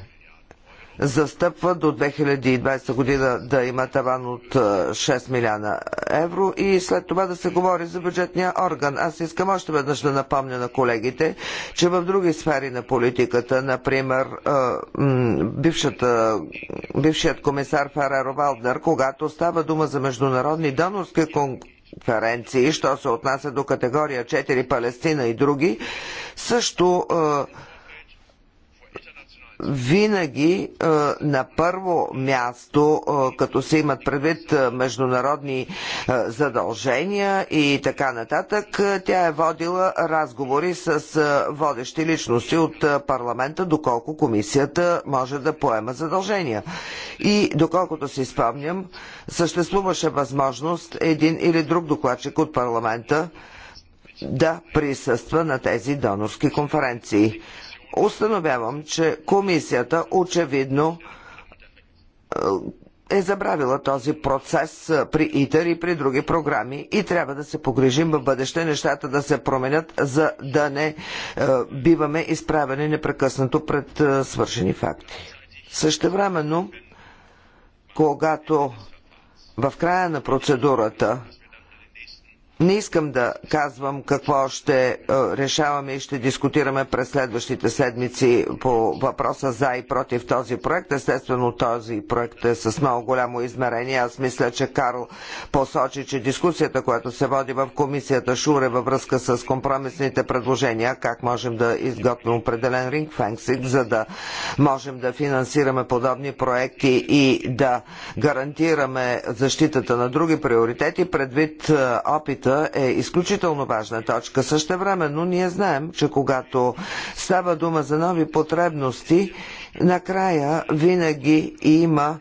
застъпва до 2020 година да има таван от 6 милиона евро и след това да се говори за бюджетния орган. Аз искам още веднъж да напомня на колегите, че в други сфери на политиката, например бившата, бившият комисар Фареро Валднер, когато става дума за международни донорски конференции, що се отнася до категория 4 Палестина и други, също е, винаги е, на първо място, е, като се имат предвид е, международни задължения и така нататък, тя е водила разговори с водещи личности от парламента, доколко комисията може да поема задължения. И доколкото си спомням, съществуваше възможност един или друг докладчик от парламента да присъства на тези донорски конференции установявам, че комисията очевидно е, е забравила този процес е, при ИТЕР и при други програми и трябва да се погрежим в бъдеще нещата да се променят, за да не е, биваме изправени непрекъснато пред свършени факти. времено, когато в края на процедурата не искам да казвам какво ще е, решаваме и ще дискутираме през следващите седмици по въпроса за и против този проект. Естествено, този проект е с много голямо измерение. Аз мисля, че Карл посочи, че дискусията, която се води в комисията Шуре във връзка с компромисните предложения, как можем да изготвим определен рингфенсинг, за да можем да финансираме подобни проекти и да гарантираме защитата на други приоритети, предвид е, опита точка е изключително важна точка. Също но ние знаем, че когато става дума за нови потребности, накрая винаги има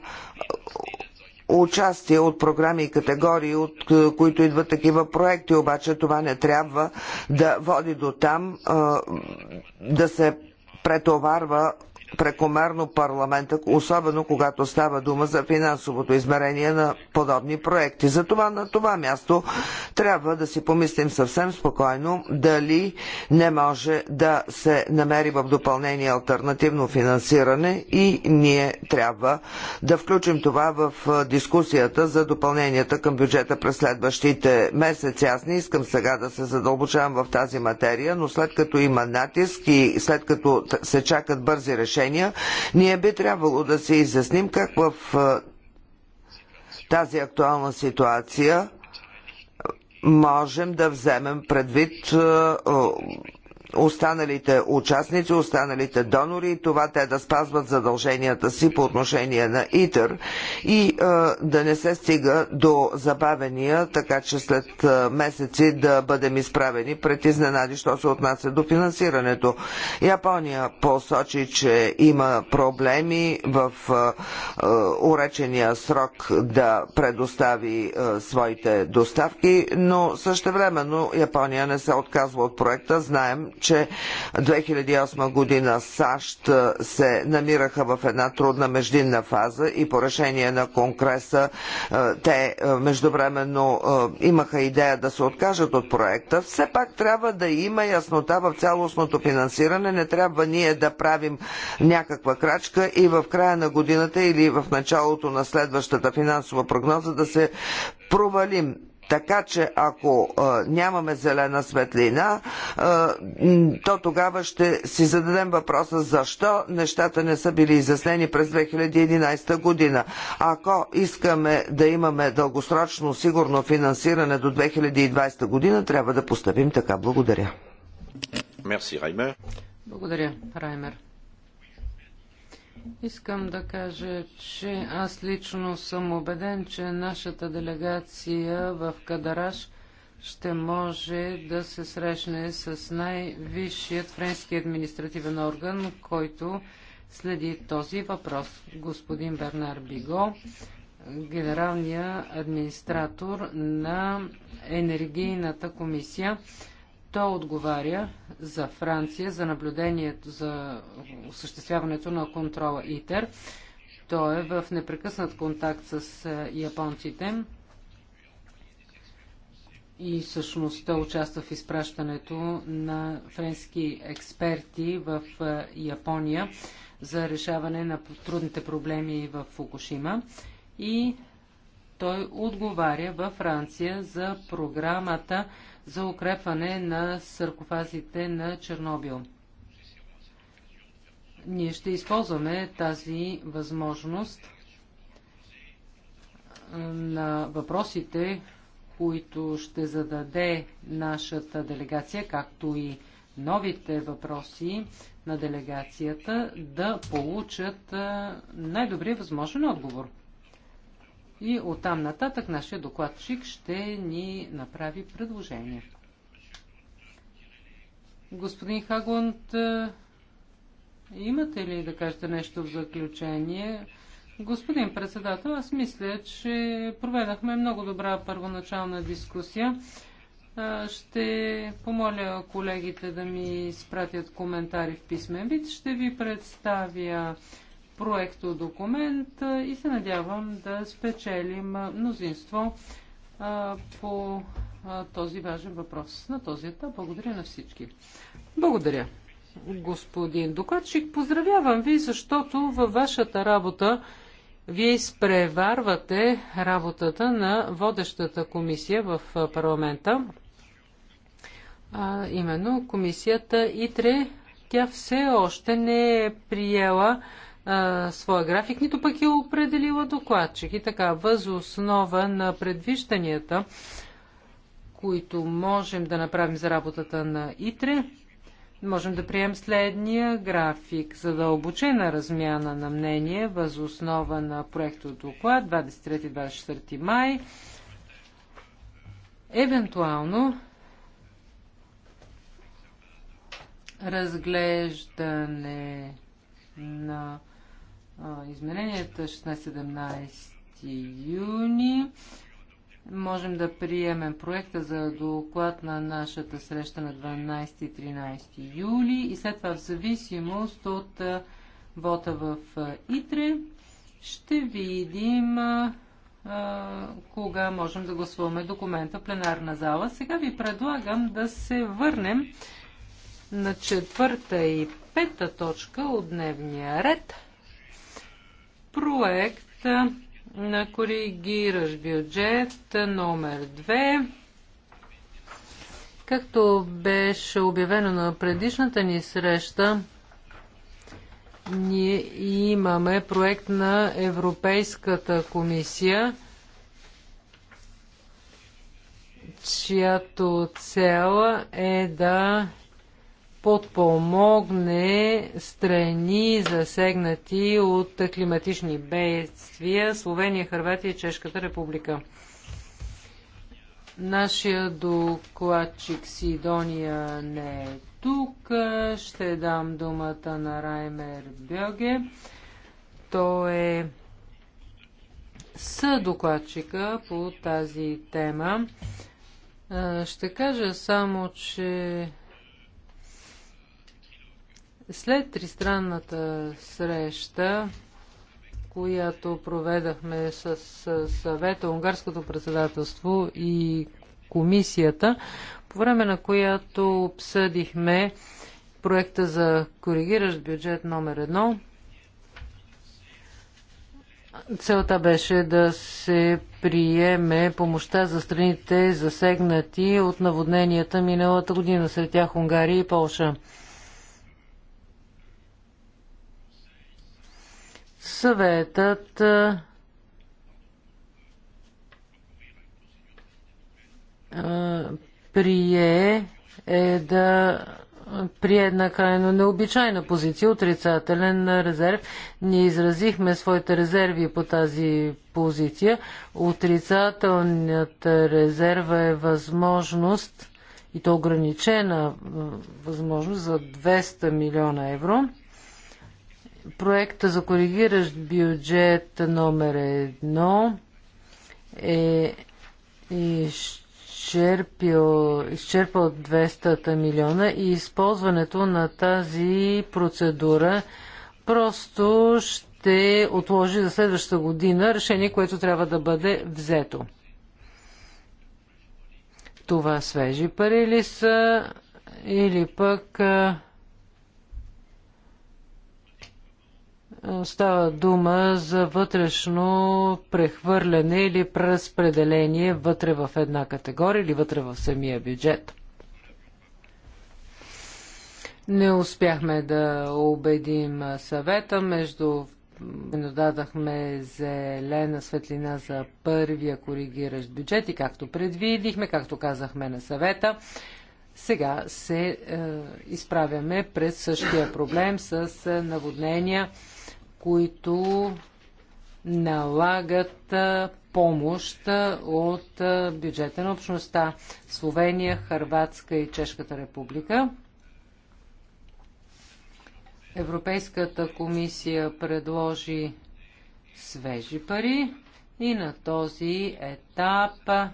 участие от програми и категории, от е, които идват такива проекти, обаче това не трябва да води до там е, да се претоварва прекомерно парламента, особено когато става дума за финансовото измерение на подобни проекти. Затова на това място трябва да си помислим съвсем спокойно дали не може да се намери в допълнение альтернативно финансиране и ние трябва да включим това в дискусията за допълненията към бюджета през следващите месеци. Аз не искам сега да се задълбочавам в тази материя, но след като има натиск и след като се чакат бързи решения, решения, ние би трябвало да се изясним как в тази актуална ситуация можем да вземем предвид останалите участници, останалите донори и това те да спазват задълженията си по отношение на ИТЕР и е, да не се стига до забавения, така че след е, месеци да бъдем изправени пред изненади, що се отнася до финансирането. Япония посочи, че има проблеми в е, уречения срок да предостави своите доставки, но също времено Япония не се отказва от проекта. Знаем, че 2008 година САЩ се намираха в една трудна междинна фаза и по решение на Конгреса е, те е, междувременно е, имаха идея да се откажат от проекта. Все пак трябва да има яснота в цялостното финансиране. Не трябва ние да правим някаква крачка и в края на годината или в началото на следващата финансова прогноза да се провалим. Така че ако а, нямаме зелена светлина, а, то тогава ще си зададем въпроса защо нещата не са били изяснени през 2011 година. Ако искаме да имаме дългосрочно сигурно финансиране до 2020 година, трябва да поставим така. Благодаря. Мерси, Раймер. Благодаря, Раймер. Искам да кажа, че аз лично съм убеден, че нашата делегация в Кадараш ще може да се срещне с най-висшият френски административен орган, който следи този въпрос. Господин Бернар Биго, генералния администратор на Енергийната комисия той отговаря за Франция, за наблюдението, за осъществяването на контрола ИТЕР. Той е в непрекъснат контакт с е, японците и всъщност той участва в изпращането на френски експерти в е, Япония за решаване на трудните проблеми в Фукушима и той отговаря във Франция за програмата за укрепване на саркофазите на Чернобил. Ние ще използваме тази възможност на въпросите, които ще зададе нашата делегация, както и новите въпроси на делегацията, да получат най-добрия възможен отговор. И оттам нататък нашия докладчик ще ни направи предложение. Господин Хагланд, е, имате ли да кажете нещо в заключение? Господин председател, аз мисля, че проведахме много добра първоначална дискусия. Е, ще помоля колегите да ми спратят коментари в писмен вид. Ще ви представя проекто документ и се надявам да спечелим мнозинство по този важен въпрос. На този етап благодаря на всички. Благодаря, господин докладчик. Поздравявам ви, защото във вашата работа вие изпреварвате работата на водещата комисия в парламента, а именно комисията ИТРЕ. Тя все още не е приела а, своя график, нито пък е определила докладчик. И така, въз основа на предвижданията, които можем да направим за работата на ИТРЕ, можем да прием следния график. за дълбочена размяна на мнение въз основа на проекта доклад 23-24 май. Евентуално разглеждане на измененията 16-17 юни. Можем да приемем проекта за доклад на нашата среща на 12 и 13 юли и след това в зависимост от вота в ИТРЕ ще видим а, кога можем да гласуваме документа в пленарна зала. Сега ви предлагам да се върнем на четвърта и пета точка от дневния ред – Проект на коригираш бюджет номер 2. Както беше обявено на предишната ни среща, ние имаме проект на Европейската комисия, чиято цел е да подпомогне страни засегнати от климатични бедствия Словения, Харватия и Чешката република. Нашия докладчик Сидония не е тук. Ще дам думата на Раймер Бьоге. Той е съдокладчика по тази тема. Ще кажа само, че след тристранната среща, която проведахме с съвета, унгарското председателство и комисията, по време на която обсъдихме проекта за коригиращ бюджет номер едно. Целта беше да се приеме помощта за страните засегнати от наводненията миналата година, сред тях Унгария и Полша. Съветът прие е да при една крайно необичайна позиция, отрицателен резерв. Ние изразихме своите резерви по тази позиция. Отрицателният резерва е възможност и то ограничена възможност за 200 милиона евро – Проекта за коригиращ бюджет номер едно е изчерпал 200 милиона и използването на тази процедура просто ще отложи за следващата година решение, което трябва да бъде взето. Това свежи пари ли са или пък Става дума за вътрешно прехвърляне или преразпределение вътре в една категория или вътре в самия бюджет. Не успяхме да убедим съвета. Между дадахме зелена светлина за първия коригиращ бюджет и както предвидихме, както казахме на съвета, сега се е, изправяме пред същия проблем с е, наводнения които налагат помощ от бюджета на общността Словения, Харватска и Чешката република. Европейската комисия предложи свежи пари и на този етап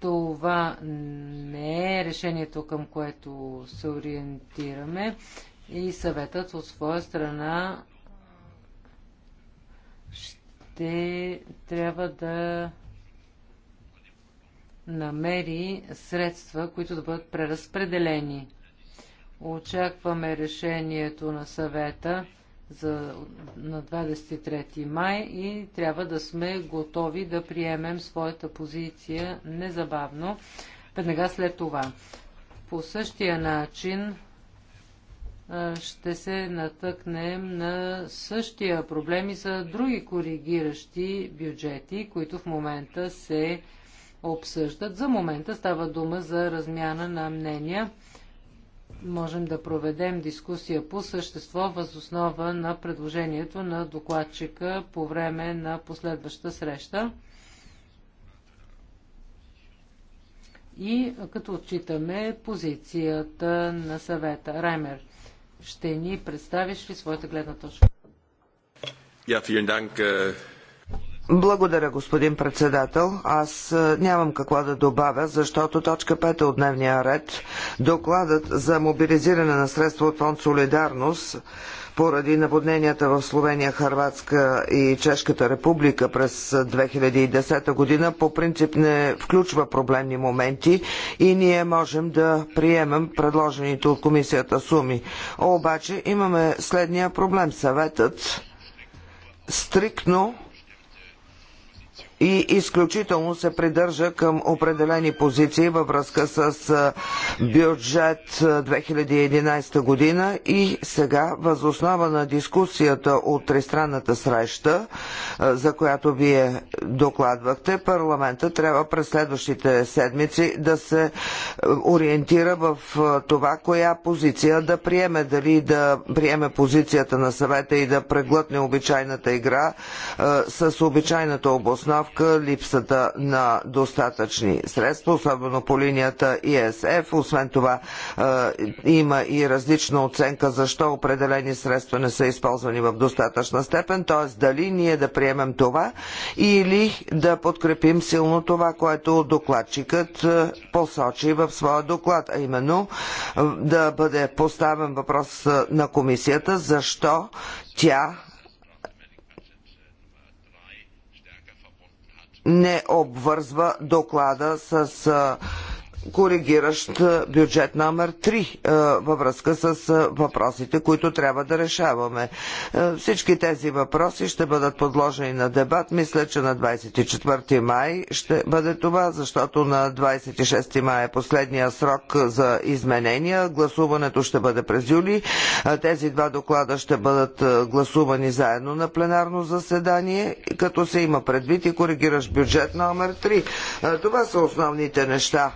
това не е решението, към което се ориентираме и съветът от своя страна ще трябва да намери средства, които да бъдат преразпределени. Очакваме решението на съвета за, на 23 май и трябва да сме готови да приемем своята позиция незабавно, веднага след това. По същия начин ще се натъкнем на същия проблеми за други коригиращи бюджети, които в момента се обсъждат. За момента става дума за размяна на мнения. Можем да проведем дискусия по същество възоснова на предложението на докладчика по време на последваща среща. И като отчитаме позицията на съвета. Раймер. Ще ни представиш ли своята гледна точка? Yeah, е, благодаря, господин председател. Аз е, нямам какво да добавя, защото точка 5 от дневния ред, докладът за мобилизиране на средства от фонд Солидарност, поради наводненията в Словения, Харватска и Чешката република през 2010 година по принцип не включва проблемни моменти и ние можем да приемем предложените от комисията суми. Обаче имаме следния проблем. Съветът стриктно и изключително се придържа към определени позиции във връзка с бюджет 2011 година и сега възоснова на дискусията от тристранната среща, за която вие докладвахте, парламента трябва през следващите седмици да се ориентира в това, коя позиция да приеме, дали да приеме позицията на съвета и да преглътне обичайната игра с обичайната обосновка обстановка, липсата на достатъчни средства, особено по линията ИСФ. Освен това е, има и различна оценка защо определени средства не са използвани в достатъчна степен, т.е. дали ние да приемем това или да подкрепим силно това, което докладчикът е, посочи в своя доклад, а именно е, да бъде поставен въпрос на комисията защо тя не обвързва доклада с коригиращ бюджет номер 3 във връзка с въпросите, които трябва да решаваме. Всички тези въпроси ще бъдат подложени на дебат. Мисля, че на 24 май ще бъде това, защото на 26 май е последния срок за изменения. Гласуването ще бъде през юли. Тези два доклада ще бъдат гласувани заедно на пленарно заседание, като се има предвид и коригиращ бюджет номер 3. Това са основните неща,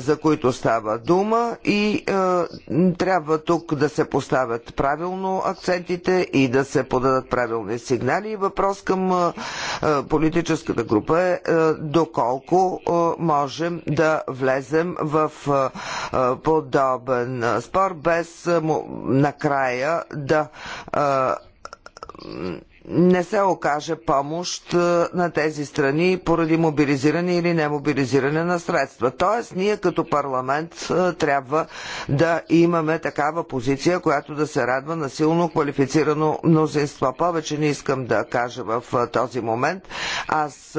за които става дума и е, трябва тук да се поставят правилно акцентите и да се подадат правилни сигнали. въпрос към е, е политическата група е, е доколко е, можем да влезем в е, е подобен спор без е, накрая да е, не се окаже помощ е, на тези страни поради мобилизиране или немобилизиране на средства. Тоест, ние като парламент е, трябва да имаме такава позиция, която да се радва на силно квалифицирано мнозинство. Повече не искам да кажа в е, този момент. Аз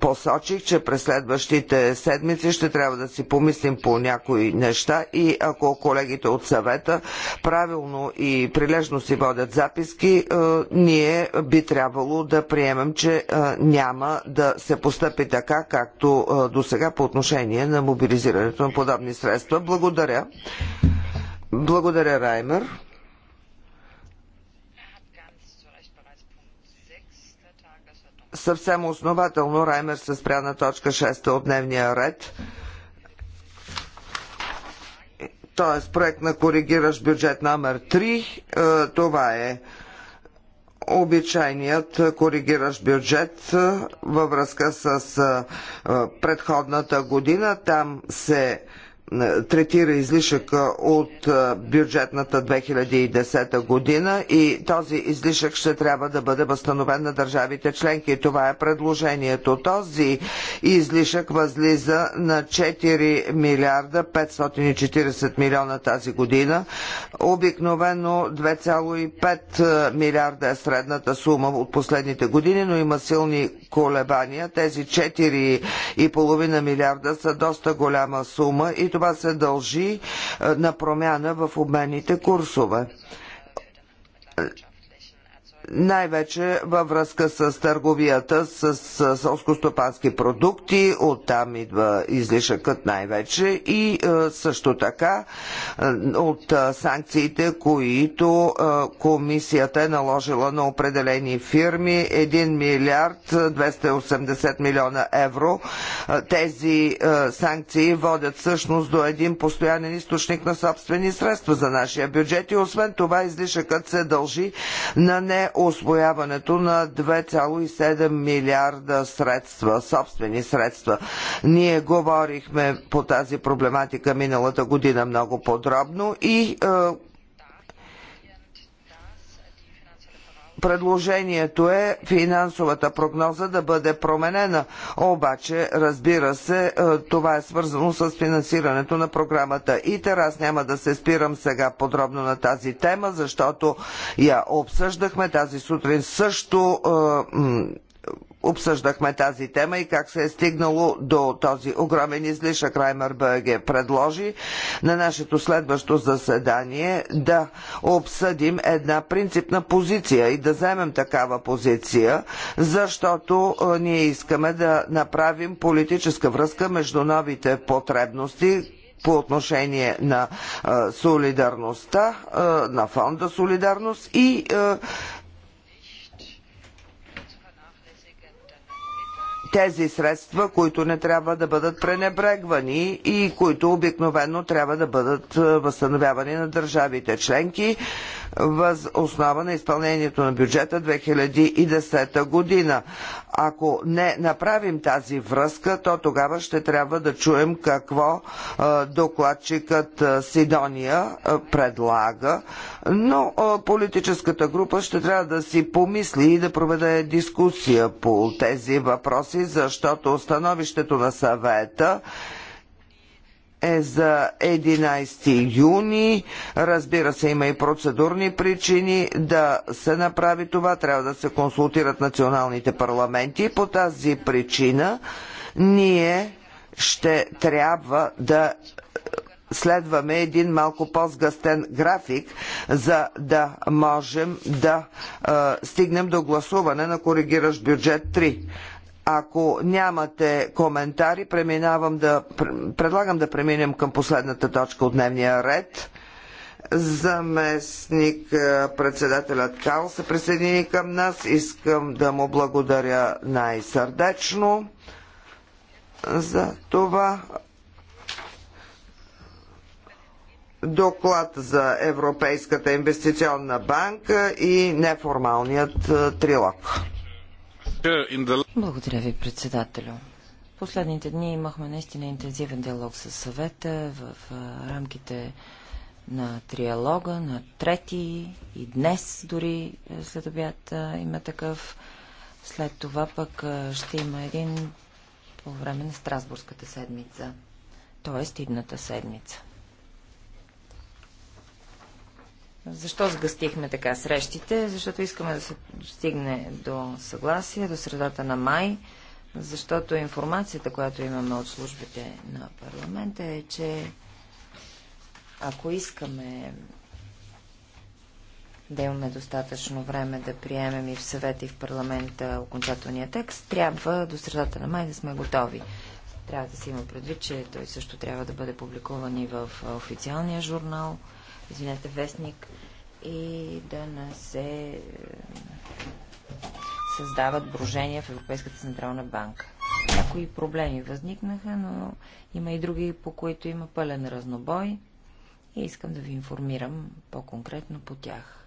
посочих, че през следващите седмици ще трябва да си помислим по някои неща и ако колегите от съвета правилно и прилежно си водят записки, ние би трябвало да приемем, че е, няма да се постъпи така, както е, до сега по отношение на мобилизирането на подобни средства. Благодаря. Благодаря, Раймер. Съвсем основателно Раймер се спря на точка 6 от дневния ред Тоест проект на коригиращ бюджет номер 3. Е, това е обичайният коригиращ бюджет във връзка с предходната година. Там се третира излишъка от бюджетната 2010 година и този излишък ще трябва да бъде възстановен на държавите членки. Това е предложението. Този излишък възлиза на 4 милиарда 540 милиона тази година. Обикновено 2,5 милиарда е средната сума от последните години, но има силни колебания. Тези 4,5 милиарда са доста голяма сума и това се дължи на промяна в обменните курсове най-вече във връзка с търговията с селскостопански продукти, оттам идва излишъкът най-вече и е, също така е, от е, санкциите, които комисията е наложила на определени фирми 1 милиард 280 милиона евро. Тези санкции водят всъщност до един постоянен източник на собствени средства за нашия бюджет и освен това излишъкът се дължи на не освояването на 2,7 милиарда средства, собствени средства. Ние говорихме по тази проблематика миналата година много подробно и е, Предложението е финансовата прогноза да бъде променена, обаче, разбира се, е, това е свързано с финансирането на програмата ИТЕР. Аз няма да се спирам сега подробно на тази тема, защото я обсъждахме тази сутрин също е, обсъждахме тази тема и как се е стигнало до този огромен излишък. Раймер Бърге предложи на нашето следващо заседание да обсъдим една принципна позиция и да вземем такава позиция, защото е, ние искаме да направим политическа връзка между новите потребности, по отношение на е, солидарността, е, на фонда солидарност и тези средства, които не трябва да бъдат пренебрегвани и които обикновено трябва да бъдат е, възстановявани на държавите членки въз основа на изпълнението на бюджета 2010 година. Ако не направим тази връзка, то тогава ще трябва да чуем какво е, докладчикът е, Сидония е, предлага, но политическата група ще трябва да си помисли и да проведе дискусия по тези въпроси, защото становището на съвета е за 11 юни. Разбира се, има и процедурни причини да се направи това. Трябва да се консултират националните парламенти. По тази причина ние ще трябва да следваме един малко по-сгъстен график, за да можем да е, стигнем до гласуване на коригиращ бюджет 3. Ако нямате коментари, преминавам да, предлагам да преминем към последната точка от дневния ред. Заместник е, председателят Кал се присъедини към нас. Искам да му благодаря най-сърдечно за това. Доклад за Европейската инвестиционна банка и неформалният е, трилог. Благодаря ви, председателю. Последните дни имахме наистина интензивен диалог с съвета в рамките на триалога, на трети и днес дори е, след обяд има такъв. След това пък ще има един по време на Страсбургската седмица, т.е. идната седмица. Защо сгъстихме така срещите? Защото искаме да се стигне до съгласие, до средата на май, защото информацията, която имаме от службите на парламента е, че ако искаме да имаме достатъчно време да приемем и в съвет и в парламента окончателния текст, трябва до средата на май да сме готови. Трябва да се има предвид, че той също трябва да бъде публикуван и в официалния журнал – извинете, вестник и да не се създават брожения в Европейската централна банка. Някои проблеми възникнаха, но има и други, по които има пълен разнобой и искам да ви информирам по-конкретно по тях.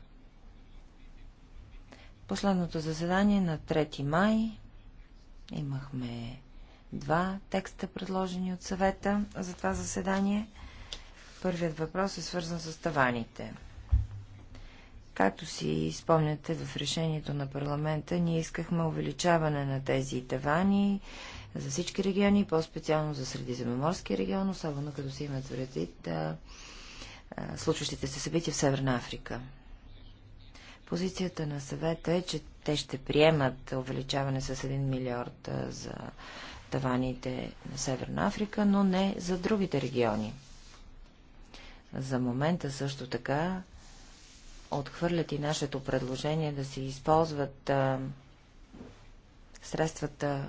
Последното заседание на 3 май имахме два текста, предложени от съвета за това заседание – Първият въпрос е свързан с таваните. Както си спомняте в решението на парламента, ние искахме увеличаване на тези тавани за всички региони, по-специално за Средиземноморския регион, особено като се имат предвид да, случващите се събития в Северна Африка. Позицията на съвета е, че те ще приемат увеличаване с 1 милиард за таваните на Северна Африка, но не за другите региони за момента също така отхвърлят и нашето предложение да се използват а, средствата,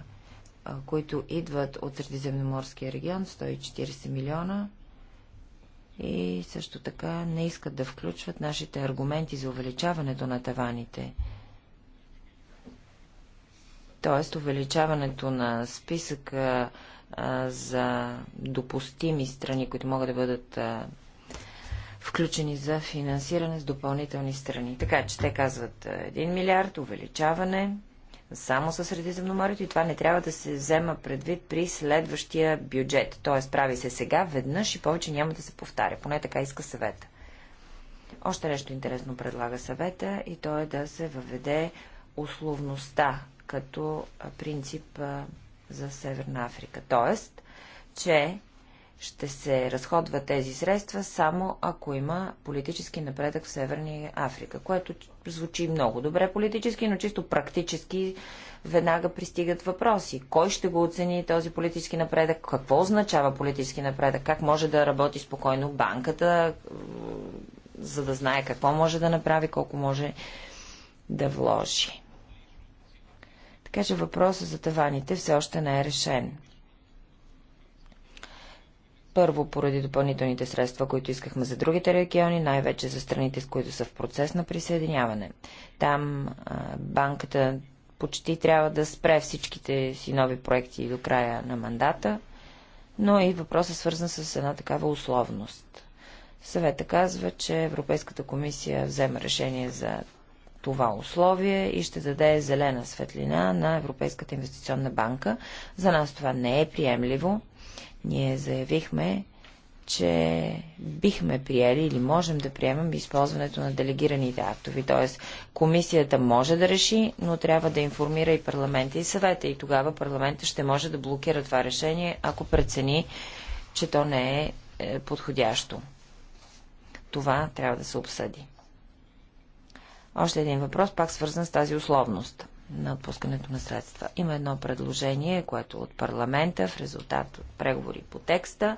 а, които идват от Средиземноморския регион, 140 милиона, и също така не искат да включват нашите аргументи за увеличаването на таваните. Тоест, увеличаването на списъка а, за допустими страни, които могат да бъдат а, включени за финансиране с допълнителни страни. Така че те казват 1 е, милиард, увеличаване само със Средиземноморието и това не трябва да се взема предвид при следващия бюджет. Тоест, прави се сега, веднъж и повече няма да се повтаря. Поне така иска съвета. Още нещо интересно предлага съвета и то е да се въведе условността като принцип за Северна Африка. Тоест, че ще се разходват тези средства само ако има политически напредък в Северния Африка, което звучи много добре политически, но чисто практически веднага пристигат въпроси. Кой ще го оцени този политически напредък? Какво означава политически напредък? Как може да работи спокойно банката, за да знае какво може да направи, колко може да вложи? Така че въпросът за таваните все още не е решен. Първо, поради допълнителните средства, които искахме за другите региони, най-вече за страните, с които са в процес на присъединяване. Там а, банката почти трябва да спре всичките си нови проекти до края на мандата, но и въпросът е свързан с една такава условност. Съвета казва, че Европейската комисия взема решение за това условие и ще даде зелена светлина на Европейската инвестиционна банка. За нас това не е приемливо. Ние заявихме, че бихме приели или можем да приемем използването на делегираните актови. Т.е. комисията може да реши, но трябва да информира и парламента и съвета. И тогава парламента ще може да блокира това решение, ако прецени, че то не е, е подходящо. Това трябва да се обсъди. Още един въпрос, пак свързан с тази условност на отпускането на средства. Има едно предложение, което е от парламента в резултат от преговори по текста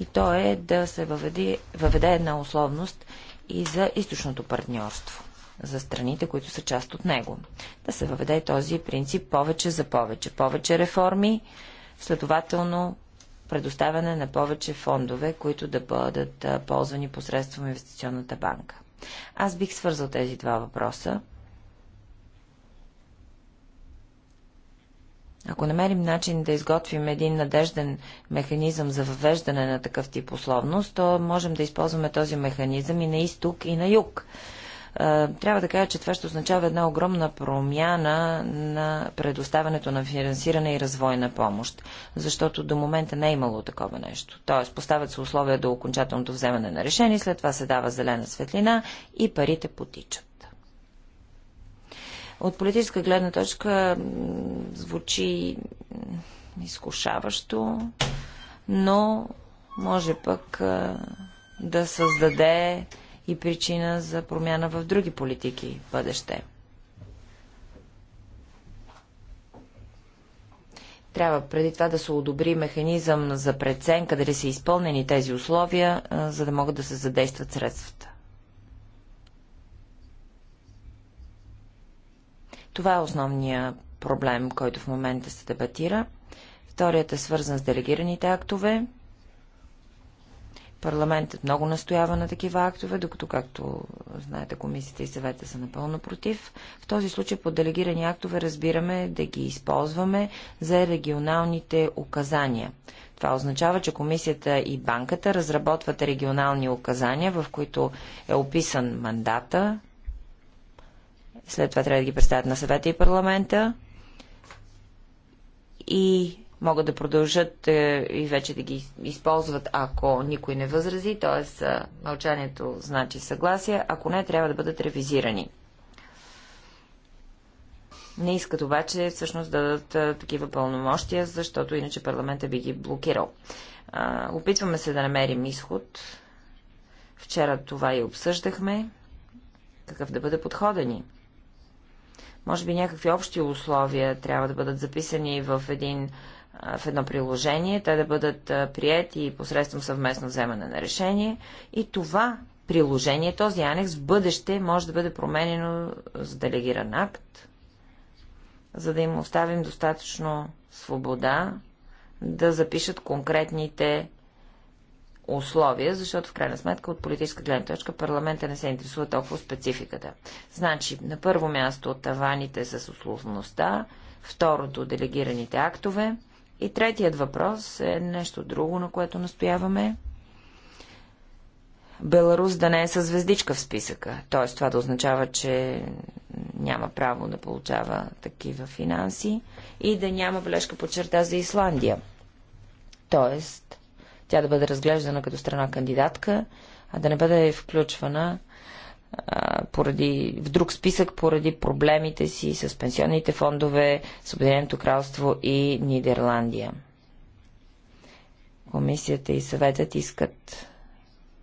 и то е да се въведе, въведе една условност и за източното партньорство за страните, които са част от него. Да се въведе този принцип повече за повече. Повече реформи, следователно предоставяне на повече фондове, които да бъдат ползвани посредством инвестиционната банка. Аз бих свързал тези два въпроса Ако намерим начин да изготвим един надежден механизъм за въвеждане на такъв тип условност, то можем да използваме този механизъм и на изток, и на юг. Трябва да кажа, че това ще означава една огромна промяна на предоставянето на финансиране и развойна помощ, защото до момента не е имало такова нещо. Тоест, поставят се условия до окончателното вземане на решение, след това се дава зелена светлина и парите потичат. От политическа гледна точка звучи изкушаващо, но може пък да създаде и причина за промяна в други политики в бъдеще. Трябва преди това да се одобри механизъм за преценка дали са изпълнени тези условия, за да могат да се задействат средствата. Това е основният проблем, който в момента се дебатира. Вторият е свързан с делегираните актове. Парламентът много настоява на такива актове, докато, както знаете, комисията и съвета са напълно против. В този случай под делегирани актове разбираме да ги използваме за регионалните указания. Това означава, че комисията и банката разработват регионални указания, в които е описан мандата след това трябва да ги представят на съвета и парламента. И могат да продължат е, и вече да ги използват, ако никой не възрази, т.е. Е, мълчанието значи съгласие, ако не, трябва да бъдат ревизирани. Не искат обаче всъщност да дадат е, такива пълномощия, защото иначе парламента би ги блокирал. опитваме се да намерим изход. Вчера това и обсъждахме. Какъв да бъде подхода ни? Може би някакви общи условия трябва да бъдат записани в, един, в едно приложение, те да бъдат прияти посредством съвместно вземане на решение и това приложение, този анекс в бъдеще може да бъде променено с делегиран акт, за да им оставим достатъчно свобода да запишат конкретните условия, защото в крайна сметка от политическа гледна точка парламента не се интересува толкова спецификата. Значи, на първо място таваните с условността, второто делегираните актове и третият въпрос е нещо друго, на което настояваме. Беларус да не е със звездичка в списъка. Тоест, това да означава, че няма право да получава такива финанси и да няма бележка по черта за Исландия. Тоест, тя да бъде разглеждана като страна кандидатка, а да не бъде включвана а, поради, в друг списък поради проблемите си с пенсионните фондове, с Обединеното кралство и Нидерландия. Комисията и съветът искат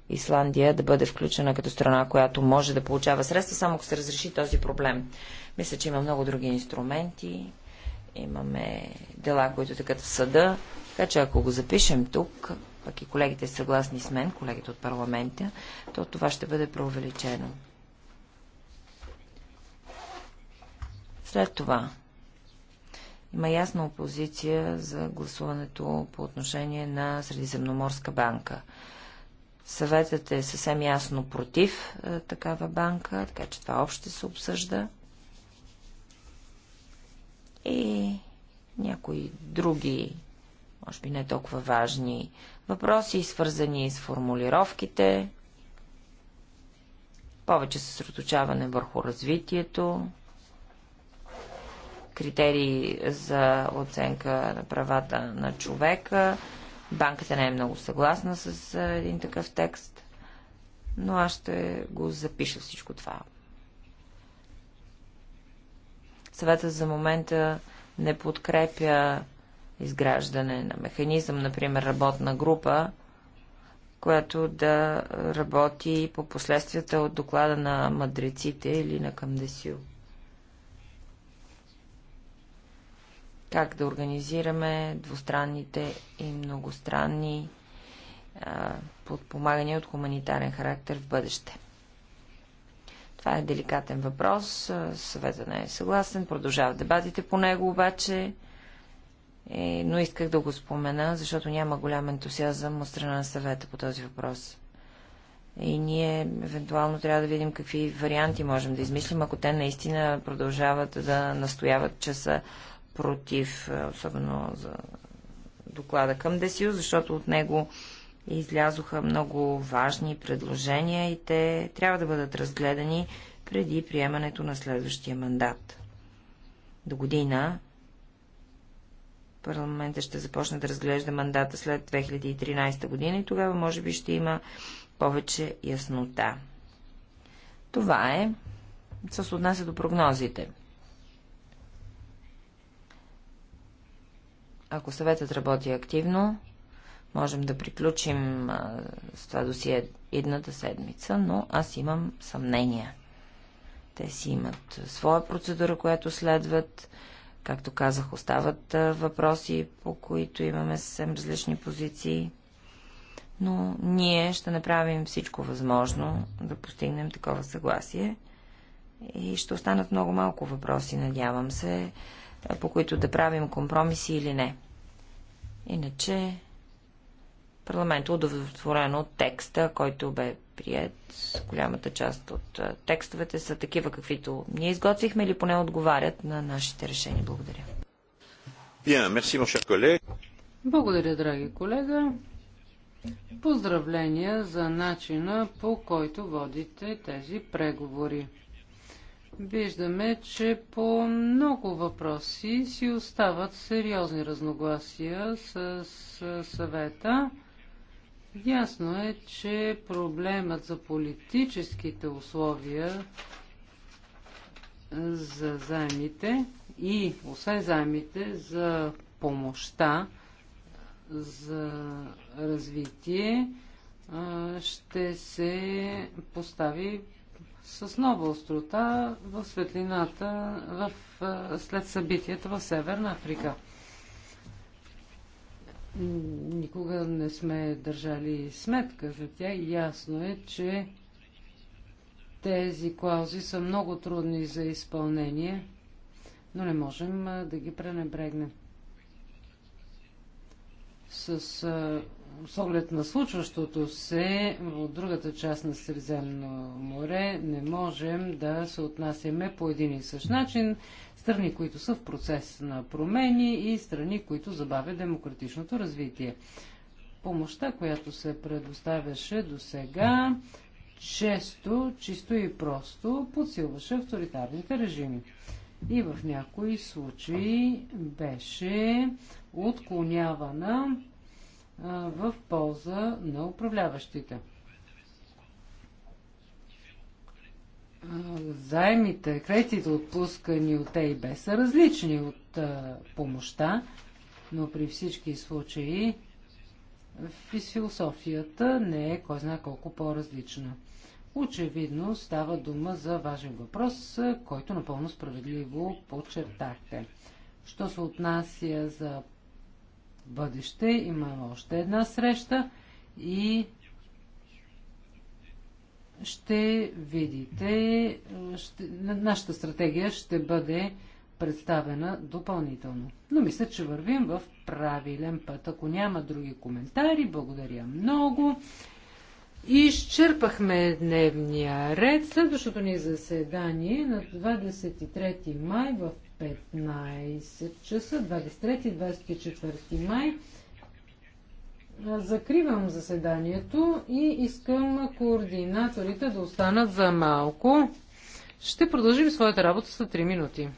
Исландия да бъде включена като страна, която може да получава средства, само ако се разреши този проблем. Мисля, че има много други инструменти, имаме дела, които такът в съда, така че ако го запишем тук, пък и колегите са съгласни с мен, колегите от парламента, то това ще бъде преувеличено. След това има ясна опозиция за гласуването по отношение на Средиземноморска банка. Съветът е съвсем ясно против е, такава банка, така че това общо се обсъжда. И някои други, може би не толкова важни Въпроси, свързани с формулировките, повече съсредоточаване върху развитието, критерии за оценка на правата на човека. Банката не е много съгласна с един такъв текст, но аз ще го запиша всичко това. Съветът за момента не подкрепя изграждане на механизъм, например работна група, която да работи по последствията от доклада на мадреците или на Камдесю. Как да организираме двустранните и многостранни подпомагания от хуманитарен характер в бъдеще. Това е деликатен въпрос. съветът не е съгласен. продължава дебатите по него обаче. Е, но исках да го спомена, защото няма голям ентусиазъм от страна на съвета по този въпрос. И ние евентуално трябва да видим какви варианти можем да измислим, ако те наистина продължават да настояват, че са против, е, особено за доклада към Десио, защото от него излязоха много важни предложения и те трябва да бъдат разгледани преди приемането на следващия мандат. До година Парламента ще започне да разглежда мандата след 2013 година и тогава може би ще има повече яснота. Това е, се отнася до прогнозите. Ако съветът работи активно, можем да приключим а, с това досие едната седмица, но аз имам съмнения. Те си имат своя процедура, която следват. Както казах, остават въпроси, по които имаме съвсем различни позиции, но ние ще направим всичко възможно да постигнем такова съгласие. И ще останат много малко въпроси, надявам се, по които да правим компромиси или не. Иначе Парламентът е удовлетворен от текста, който бе прият. Голямата част от текстовете са такива, каквито ние изготвихме или поне отговарят на нашите решения. Благодаря. Bien, merci, mon cher Благодаря, драги колега. Поздравления за начина по който водите тези преговори. Виждаме, че по много въпроси си остават сериозни разногласия с съвета. Ясно е, че проблемът за политическите условия за заемите и освен заемите за помощта за развитие ще се постави с нова острота в светлината в, след събитията в Северна Африка никога не сме държали сметка за тях и ясно е, че тези клаузи са много трудни за изпълнение, но не можем да ги пренебрегнем. С, с оглед на случващото се от другата част на Средиземно море, не можем да се отнасяме по един и същ начин страни, които са в процес на промени и страни, които забавят демократичното развитие. Помощта, която се предоставяше до сега, често, чисто и просто подсилваше авторитарните режими. И в някои случаи беше отклонявана а, в полза на управляващите. заемите, кредитите отпускани от ЕИБ са различни от а, помощта, но при всички случаи философията не е кой знае колко по-различна. Очевидно става дума за важен въпрос, който напълно справедливо подчертахте. Що се отнася за бъдеще, имаме още една среща и ще видите, ще, нашата стратегия ще бъде представена допълнително. Но мисля, че вървим в правилен път. Ако няма други коментари, благодаря много. Изчерпахме дневния ред. Следващото ни заседание на 23 май в 15 часа, 23-24 май. Е, закривам заседанието и искам координаторите да останат за малко. Ще продължим своята работа след 3 минути.